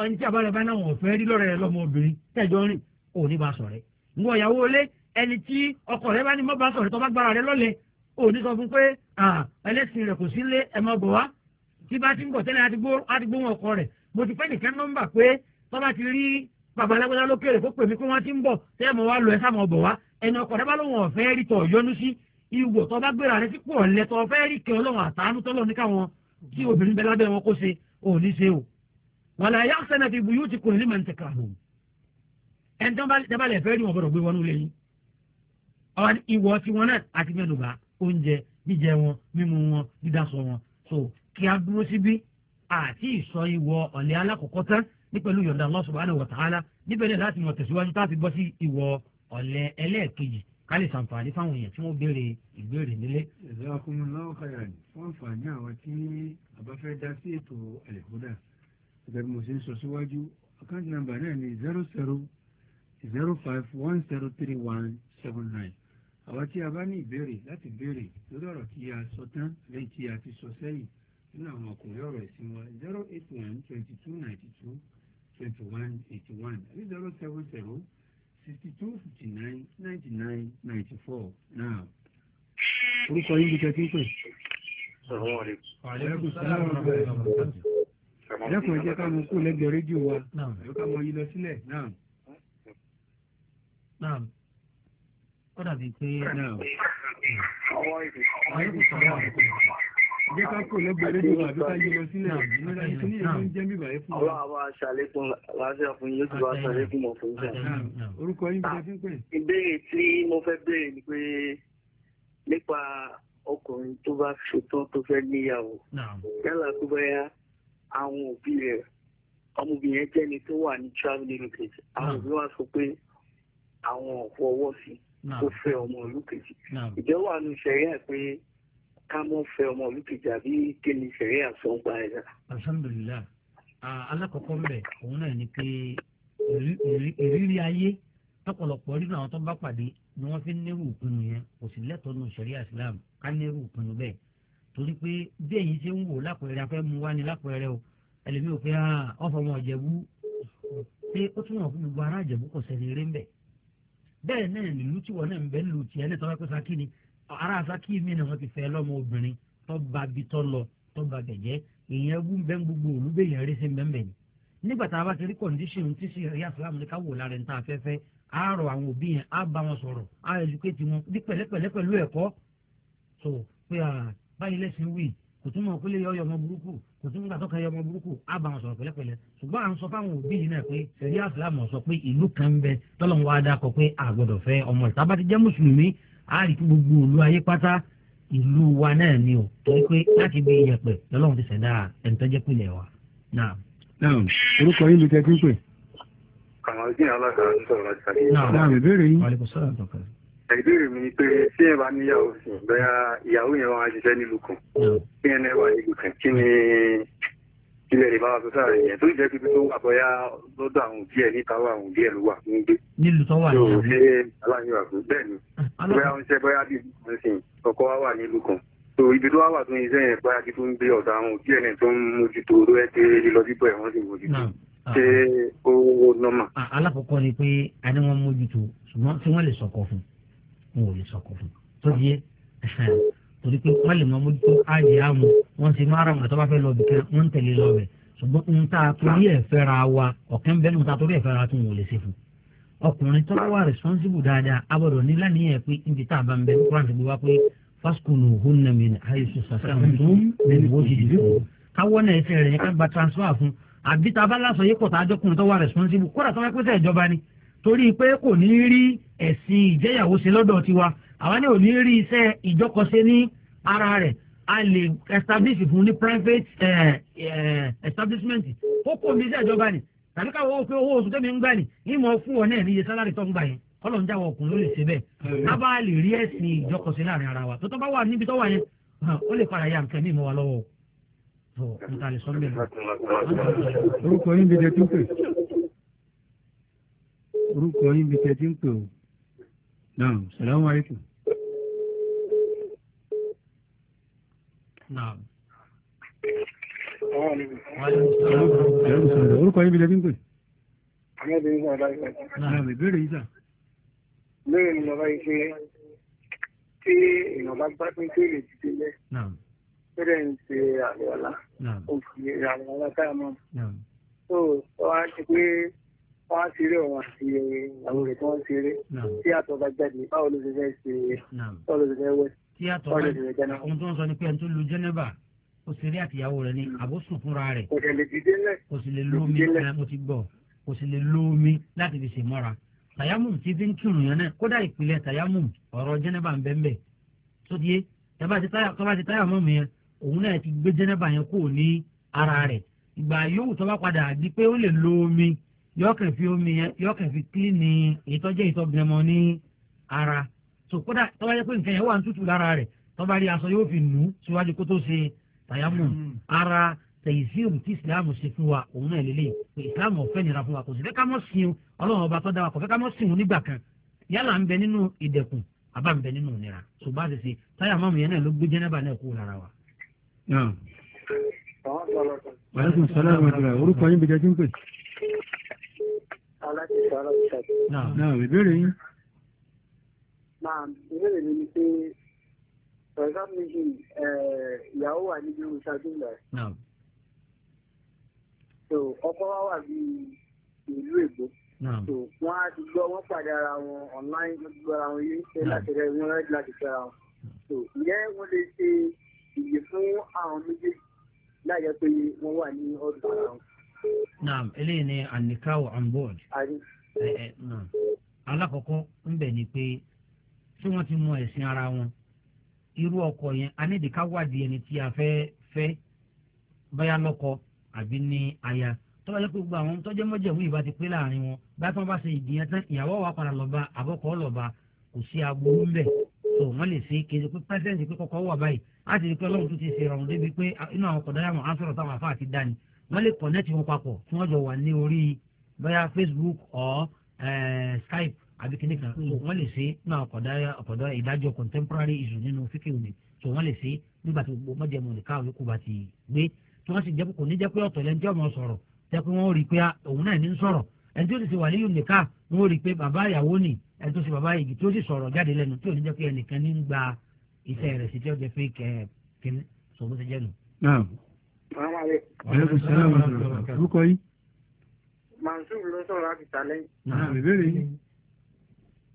ọ̀n tí abalẹ̀ bá náà wọ̀n fẹ́ rí lọ́rẹ̀ rẹ lọ́mọbìnrin tẹ̀jọ́ rìn òní bá sọ̀rẹ́ ngbọ́ ìyàwó olé ẹni tí ọkọ rẹ bá ní mọ́ bá sọ̀rẹ́ tó bá gbára rẹ lọ́lẹ̀ òní sọ fún pé ẹlẹ́sìn rẹ kò sí lé ẹ má bọ̀ wá tí bá ti ń bọ̀ tẹ́lẹ̀ adigbó wọn ọkọ rẹ̀ mo ti fẹ́ nìkan nọ́mbà pé tó bá ti rí babalágbádá lókèrè kó pèmí pé wọ́n ti ń bọ̀ tẹ́ mo wá lọ ẹ sáà mọ̀ bọ̀ wá ẹni ọkọ rẹ bá lóun ọ̀fẹ́ rí tọ̀ yọnu sí ìwò tó gbéra rẹ sípò ọ̀lẹ́tọ̀ ọ̀fẹ́ rí kẹ́ ọlọ́run àtàánú tọ́lọ́ wàlà yàtọ̀nà ti bu yóò ti kùn ní màá ti kàrò ẹni tó bá lè fẹ́ rí wọn bọ̀dọ̀ gbé wọn lé yín ìwọ tí wọn náà àti mẹ́nuba oúnjẹ jíjẹ wọn mímu wọn dídásọ wọn so kí a dúró síbí àti ìsọ ìwọ ọ̀lẹ́ alákọ̀ọ́kọ́ tán ní pẹ̀lú yọ̀ǹda Allah subhanahu wa ta'ala níbẹ̀ náà láti mọ̀ tẹ̀síwájú tá a fi bọ́ sí ìwọ ọ̀lẹ́ ẹlẹ́ẹ̀kejì ká lè ṣàǹfààní fáwọn èèyàn tí wọ́n béèrè ìbéèrè nílé. ẹ̀sẹ̀ akumuláwọ̀ kayani fún àǹfààní àwọn tí àbáfẹ́ dá sí ètò àlèkúdà gẹ́gẹ́ bí mo ṣe ń sọ síwájú account number náà ni zero zero zero five one zero three one seven nine àwa tí a bá ní ìbéèrè láti béèrè lórí ọ̀rọ̀ tí a sọ tán lẹ́yìn tí a ti sọ sẹ́yìn nínú àwọn ọkùnrin ọ̀rọ̀ ẹ̀sìn wa zero eight one twenty two ninety two twenty one eighty one àbí zero seven zero sixty two fifty nine ninety nine ninety four now. orúkọ yín bí kẹ́kẹ́ pè. sọ̀rọ̀ wọn rè. àlẹ́ ẹ̀dẹ́kùn ẹ̀jẹ̀ ká mú kó lẹ́gbẹ̀ẹ́ rédíò wa ẹ̀rọ ká mọ yí lọ sílẹ̀ náà. náà ó dàbí pé jẹ́ ká kò lẹ́gbẹ̀ẹ́ rédíò wa àbí ká yí lọ sílẹ̀ ìnira ìsinmi ìlú ń jẹ́ bíbá yẹn fún wa. ọlọ́run àwọn aṣàlékún láti ọ̀fun yóò ti wá aṣàlékún mọ̀ fún ìṣẹ̀. orúkọ yín bíi ẹtí ń pè. ìbéèrè tí mo fẹ́ béèrè ni pé nípa ọkùnrin tó bá ṣetán tó fẹ́ níyàwó yálà tó bá yá àwọn òbí rẹ̀ ọmọbìnrin yẹn jẹ́ni tó wà ní travel relocate àwọn òbí wa sọ pé àwọn ọ̀pọ̀ ọwọ́ sí tó fẹ́ ọmọ olùkejì ìjọba àánú ṣẹ̀rí ẹ̀ pé ká mọ́ fẹ́ ọmọ olùkejì àbí kí ni ṣẹ̀rí àsọ̀gbà ẹ̀ dà. alhamdulilayi alákọ̀ọ́kọ́ mbẹ̀ òun náà ni pé ìrírí ayé lọ́pọ̀lọpọ̀ nínú àwọn tó bá pàdé ni wọ́n fi ń nírú ìpinnu yẹn kò sì lẹ́tọ̀ọ́ nù ṣẹ̀rí àsìlámù ká nírú ìpinnu bẹ́ẹ̀ torí pé bí ẹ̀yin ṣe ń wò lápẹ̀rẹ̀ afẹ́ mu wá ní lápẹ̀rẹ̀ o ẹlẹ́mi ò pé ah, ọ̀fọ̀ ọmọ ọ̀jẹ̀bú pé ó túnmọ̀ fún gbogbo ará ìjẹ̀bú kò sẹ́ni eré ń bẹ̀ bẹ́ẹ̀ náà nílùú tiwọn náà ń bẹ́ nílùú tiẹ̀ ní tọ́lá pé saki ni ará saki mi náà wọ́n ti fẹ́ lọ́mọ obìnrin tó ba bi tó lọ tó ba bẹ̀jẹ́ èèyàn bú bẹ́ ń gbogbo òlú bẹ́ẹ̀ yẹn rí sí bẹ́ẹ̀ bẹ́ẹ̀ ni nígbà tá a bá ti rí kọ́ndíṣìn tí sì rí ní ká wò lára ní ta afẹ́fẹ́ á rọ àwọn òbí yẹn á bá wọn sọ̀rọ̀ á ẹdùkéètì wọn ní pẹ̀lẹ́pẹ̀lẹ́ pẹ̀lú ẹ̀kọ́ so pé ah, báyìí lẹ́sìn wí kò tún mọ̀ pélé yọ ọmọ burúkú kò tún gbà tọ́ka yọ ọmọ burúkú á bá wọn sọ̀rọ̀ pẹ̀lẹ́pẹ̀lẹ́ ṣùgbọ́n à ń sọ fáwọn òbí yìí náà pé ṣẹ̀rí àfúlámù sọ pé ìlú kan ń bẹ tọ́lọ́run wá dákọ̀ pé àgbọ̀dọ̀ fẹ́ ọmọ ìta bá ti jẹ́ mùsùlùmí á rí kí gbogbo òlu ayé pátá ìlú wa náà ni o torí pé láti bí iyẹ̀pẹ̀ lọ́lọ́run ti ṣẹ̀dá ẹ̀ńtọ́jẹ́ pìlẹ̀ wa. orúkọ yín ló tẹ́ pípẹ́. kàmáà ìbéèrè mi ni pé tí ẹ bá níyàwó sùn bẹ́ẹ̀ ìyàwó yẹn wá ṣiṣẹ́ nílùú kan hmm. kí ẹ náà wá nílùú kan kí ni ilẹ̀ lè bá wa sọ́sà rẹ̀ yẹn tó jẹ́ pípé tó wà bọ́yá lọ́dọ̀ àwọn òbí ẹ̀ níta wà àwọn òbí ẹ̀ ló wà fún gbé. nílùú tó wà ní ìlú. ṣé aláǹyọ̀ àfún bẹ́ẹ̀ ni hmm. bóyá ó ń ṣe bóyá bí ìsìn ọkọ wa wà nílùú kan tó ibi tó wà wà tó ń ṣe yẹn bóyá kí tó ń gbé ọ̀dọ̀ àwọn òbí ẹ̀ náà tó ń mójútó ló ẹ̀ pé lílọ bíbọ̀ ẹ̀ wọ́n sì mójútó hmm. ṣé ó nọ́mà. Ah, alákọ̀ọ́kọ́ ni pé a wọ́n mójútó ṣùgbọ́n tí wọ́n lè sọ̀kọ̀ fún un wọn ò lè sọkọ fún tó di yé torí pé wọ́n lè mọ mójútó ààyè àmú wọ́n ti máa ra mọ̀tọ́ bá fẹ́ lọ bìkan wọ́n ń tẹ̀lé lọ bẹ̀ ṣùgbọ́n ohun tá a torí ẹ̀ fẹ́ra wa ọ̀kẹ́ ń bẹ́ẹ̀ nù tá a torí ẹ̀ fẹ́ra wa tún wò lè ṣe fún ọkùnrin tó wà responsible dáadáa abọ́dọ̀ nílá níyẹn pé níbi tá a bá ń bẹ kúrò àti gbogbo pé fásikùnù hunna min àyèsù sàkàmùtún nínú wọ́ọ̀sì dìbò káwọ́ náà ẹsẹ̀ rẹ̀ yẹn ká gba transfer fún a bá lásọ yẹ kọ̀tà àjọkùnrin tó wà responsible kódà tó wá pẹ́ sẹ́ ìjọba torí pé kò ní rí ẹ̀sìn ìjẹ́yàwó ṣe lọ́dọ̀ tiwa àwa ní ò ní rí iṣẹ́ ìjọkọ̀ṣe ní ara rẹ̀ a lè establish fún ní private establishment ó kò ní iṣẹ́ ìjọba ni tàbí káwọ́ ó pé owó oṣù tẹ́mi ń gbà ní ìmọ̀ fún ọ náà níye sálárì tó ń gbà yẹn kọ́lọ̀ ń jáwọ́ ọkùnrin ló lè ṣe bẹ́ẹ̀ lábá lè rí ẹ̀sìn ìjọkọ̀ṣe láàrin ara wa tó tọ́ bá wà níbi tó wà yẹn ó lè padà ya nǹkan orúkọ yín bí tẹ́tí ń pè ó náà sàlámù alaykum. náà. orúkọ yín bí tẹ́tí ń pè. isa ọ̀dájú. náà ìbéèrè yìí sà. lórí ni bàbá yìí ṣe tí èèyàn bá gbá pé kí èlè ti délé. bẹ́ẹ̀ ń ṣe àlè ọ̀la. òfin ìrànlọ́wọ́ tó wá ti pé wọ́n á ṣeré òun àti àwọn rẹ̀ tí wọ́n ń ṣeré tí àtọ̀ bá jáde báwo ló ṣe fẹ́ ṣe báwo ló ṣe fẹ́ wẹ̀. tí àtọ̀ bá ohun tó ń sọ ni pé ẹni tó lu jẹ́nẹ́bà ó ṣeré àtìyàwó rẹ̀ ni àbó sùn fúnra rẹ̀ kò sì lè lómi mo ti gbọ́ kò sì lè lómi láti fi ṣèmọ́ra tàyámùm ti fi ń kírun yẹn náà kódà ìpìlẹ̀ tàyámùm ọ̀rọ̀ jẹ́nẹ́bà ń bẹ́ẹ̀ bẹ́ẹ̀ tó di yé tọ́ba ti táyà mọ́mù yẹn òun náà ti gbé jẹ́nẹ́bà yẹn kúrò ní ara rẹ̀ ìgbà yòówù tọ́ba padà di pé ó lè lómi yọkàn fi omi yẹn yọkàn fi kílíìnì ìtọ́jẹ́ ìtọ́gbẹ̀mọ ní ara tó kódà tọ́ba yẹ pé nǹkan yẹn wà ní tútù lára rẹ̀ tọ́ba rí aṣọ yóò fi nù ú síwájú kó tó ṣe tàyámù ara tẹ̀yìsíìmù tí ìsìláàmù ṣe fún wa òun náà lélẹ̀ pé ìsìláàmù ọ̀fẹ́ nira fún wa kò sì fẹ́ ká mọ́ sin ọlọ́run ọba tó dá wa kò fẹ́ ká mọ́ sin òun nígbà kan yálà ń bẹ nínú ìdẹ̀kùn àbá ń bẹ nínú ìnira ṣùgbọ́n àṣìṣe táyà mọ́mù yẹn náà ló gbé jẹ́nẹ́bà náà kúrò lára wa. wàhálà sọlá ìwádìí rẹ orúkọ yín bẹ jẹ́ kí n pè aláṣẹṣọ aláṣẹṣọ. náà ìbéèrè yín. máa ìbéèrè mi ni pé for example méjì ìyàwó wà níbi ìṣáájú ìgbà rẹ̀. so ọkọ wa wà bí ìlú ègbó. so wọ́n á ti gbọ́ wọ́n pàdé ara wọn online wọ́n ti gbọ́ ara wọn yé ṣe láti rẹ wọ́n rẹ láti fẹ́ ara wọn. so ǹjẹ́ wọ́n lè ṣe ìyè fún àwọn méjèèjì láyé pé wọ́n wà ní ọdún ara wọn. naam eléyìí ni on board. ẹ naam ni pé tí wọn ti mọ ẹ̀sìn ara wọn irú ọkọ yẹn anídìíká wádìí ẹni tí a fẹ́ fẹ́ báyà àbí ní aya tọ́ba yẹ kó gbogbo àwọn tọ́jẹ́ mọ́jẹ̀wé ìbá ti pé láàrin wọn bá tí wọ́n bá ṣe ìdíyẹn tán ìyàwó wa padà lọ́ba àbọ̀kọ́ lọ́ba kò sí tó wọ́n lè ṣe kéde pé pẹ́sẹ́ǹtì pé kọ́kọ́ wà báyìí láti rí pé ọlọ́run tó wọ́n lè kọ̀nẹ́tì wọn papọ̀ tí wọ́n jọ wà ní orí bóyá Facebook or uh, Skype àbí kìnnì kan so wọ́n lè ṣe ní ọ̀kọ̀dọ̀ ìdájọ́ contemporary issue nínú fíkìrì ni so wọ́n lè ṣe nígbà tí gbogbo mọ́jẹ̀mọ́ ní káwé kó bá ti gbé tí wọ́n sì jẹ́ kò ní jẹ́ pé ọ̀tọ̀ lẹ́ni tí ọmọ sọ̀rọ̀ jẹ́ pé wọ́n rí i pé ah, òun náà ní ń sọ̀rọ̀ ẹni tí ó sì ṣe wàlíyù nìka wọ́n rí i pé bàbá ìyàwó ni ẹni tó ṣe bàbá ìgì tí sì sọ̀rọ̀ jáde lẹ́nu tí ò ní jẹ́ pé ẹnìkan ní ń gba iṣẹ́ rẹ̀ sí tí ó jẹ́ pé eh, kẹ́ẹ̀kẹ́ Orúkọ yìí. Mansur ló sọ̀rọ̀ láti tàlẹ́yìn. Náà ìbéèrè yìí.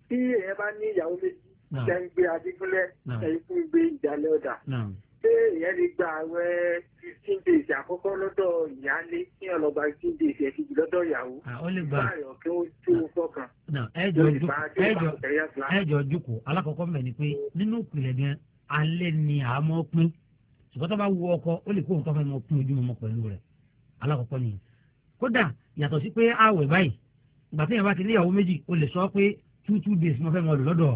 Tí èèyàn bá ní ìyàwó méjì, ṣe ń gbé Adékúnlé, ẹ̀yìn fún gbé ìjàlẹ̀ ọ̀dà. Ṣé èèyàn lè gba àwẹ̀ fifteen days àkọ́kọ́ lọ́dọ̀ ìyáálé ní ọlọ́gba fifteen days ẹ̀ kejì lọ́dọ̀ ìyàwó? Ó lè gba báyọ̀ kí ó tó fọkàn. Ẹ̀jọ̀ jókòó alákọ̀ọ́kọ́ mẹ́rin pé nínú ìpìlẹ̀ gan-an alẹ́ ni àmọ́ pín ṣùgbọ́n tó bá wù ọkọ ó lè kó nǹkan fẹ́ mọ kún ojúmọ́ pẹ̀lú rẹ̀ alákọ̀ọ́kọ́ nìyẹn kódà yàtọ̀ sí pé àwẹ̀ báyìí ìgbà tí yàrá ti níyàwó méjì o lè sọ pé two two days mo fẹ́ mọ lọ́dọ̀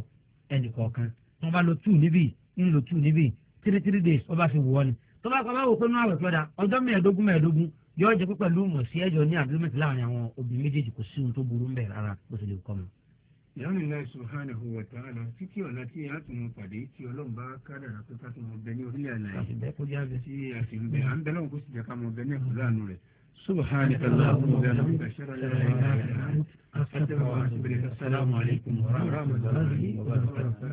ẹnì kọ̀ọ̀kan tó bá lo two níbí ń lo two níbí three three days ó bá fi wù ọ́ ni tó bá kọ́ bá wò pé nínú àwẹ̀ pẹ́ọ́dà ọjọ́ mẹ́ẹ̀ẹ́dógún mẹ́ẹ̀ẹ́dógún yóò jẹ́ pé pẹ̀lú mọ̀ sí ẹ̀jọ̀ ní agreement láàrin àwọn obìnrin méjèèjì kò sí ohun tó burú ń bẹ̀ rárá bó ti lè kọ́ mọ́. ìyáwó Allah subhanahu wa ta'ala tí kí ọ̀nà tí a tún mú pàdé tí ọlọ́run bá kádàrà pé ká tún mọ bẹ ní orílẹ̀ àlàyé tí a sì ń bẹ à ń bẹ lọ́wọ́ kó sì jẹ́ ká mọ bẹ ní ẹ̀kọ́ láàánú rẹ̀. subhanaka Allahumma wa bihamdika ashhadu an la ilaha illa anta astaghfiruka wa atubu ilayk assalamu alaykum wa rahmatullahi wa barakatuh.